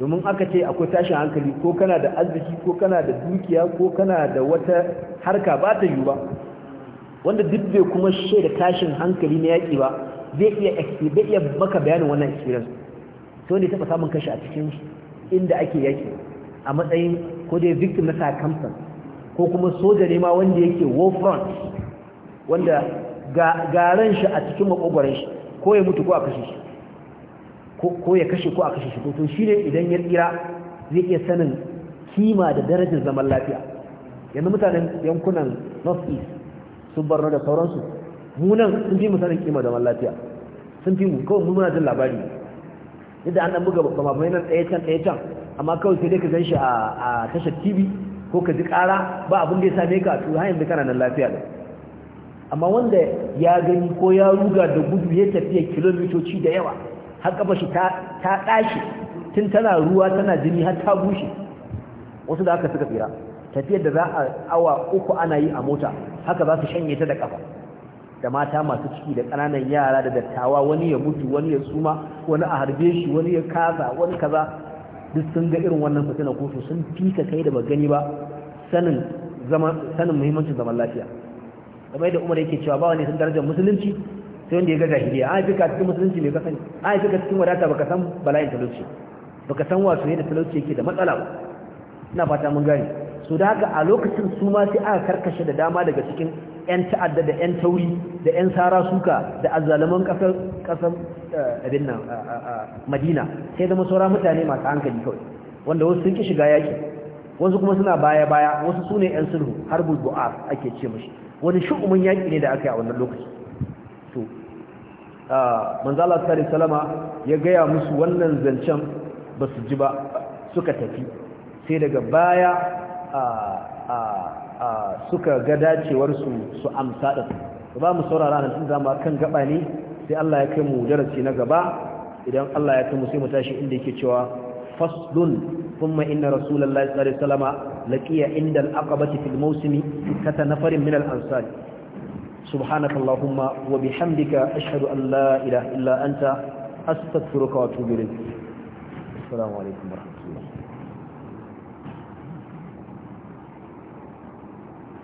domin aka ce akwai tashin hankali ko kana da arziki ko kana da dukiya ko kana da wata harka ba ta yiwu ba wanda duk bai kuma shaida tashin hankali na yaƙi ba zai iya maka bayanin wannan experience sai wanda ya taɓa samun kashi a cikin inda ake yake a matsayin ko dai victim na circumstance ko kuma soja ne ma wanda yake war front wanda ran shi a cikin makogwaran shi ko ya mutu ko a kashe shi ko ya kashe ko a kashe shi to shi ne idan ya tsira zai iya sanin kima da darajar zaman lafiya yanzu mutanen yankunan north east sun barna da sauransu munan sun fi mu sanin kima da zaman lafiya sun fi mu kawai muna jin labari Yadda an buga ba nan ɗaya can ɗaya can amma kawai sai dai ka shi a tashar TV ko ka ji ƙara ba abin da ya same ka a Hanyar yanzu kana nan lafiya ne amma wanda ya gani ko ya ruga da gudu ya tafiya kilomitoci da yawa har kafa shi ta ɗashi, tun tana ruwa tana jini har ta bushe wasu da aka suka tsira tafiyar da za a awa uku ana yi a mota haka za su shanye ta da kafa da mata masu ciki da ƙananan yara da dattawa wani ya mutu wani ya suma wani a harbe shi wani ya kaza wani kaza duk sun ga irin wannan fitina ko su sun fika kai da ba gani ba sanin zaman sanin muhimmancin zaman lafiya kamar da Umar yake cewa ba wani sun darajar musulunci sai wanda ya ga jahiliya ai fika cikin musulunci bai kasance ai fika cikin wadata baka san bala'in talauci baka san wato yadda talauci yake da matsala ba ina fata mun gane so da haka a lokacin su ma sai aka karkashe da dama daga cikin 'yan ta'adda da 'yan tauri da 'yan sara suka da azzaluman ƙasar eh, madina sai zama saura mutane masu hankali kawai wanda wasu sun ki shiga yaƙi wasu kuma suna baya-baya wasu su ne 'yan sulhu har bulbu'ar ake ce mashi wani shi'umin yaƙi ne da aka yi a wannan lokaci to manzala sari salama ya gaya musu wannan zancen ba su ji ba suka tafi sai daga baya suka ga dacewarsu su amsa da su ba mu saurara nan za kan gaba ne sai Allah ya kai mu darasi na gaba idan Allah ya kai mu sai mu tashi inda yake cewa faslun kuma inna rasulullahi sallallahu alaihi wasallam laqiya inda al-aqabati fil mawsimi kata nafarin min al-ansar سبحانك اللهم وبحمدك أشهد أن لا إله illa أنت أستغفرك وأتوب إليك السلام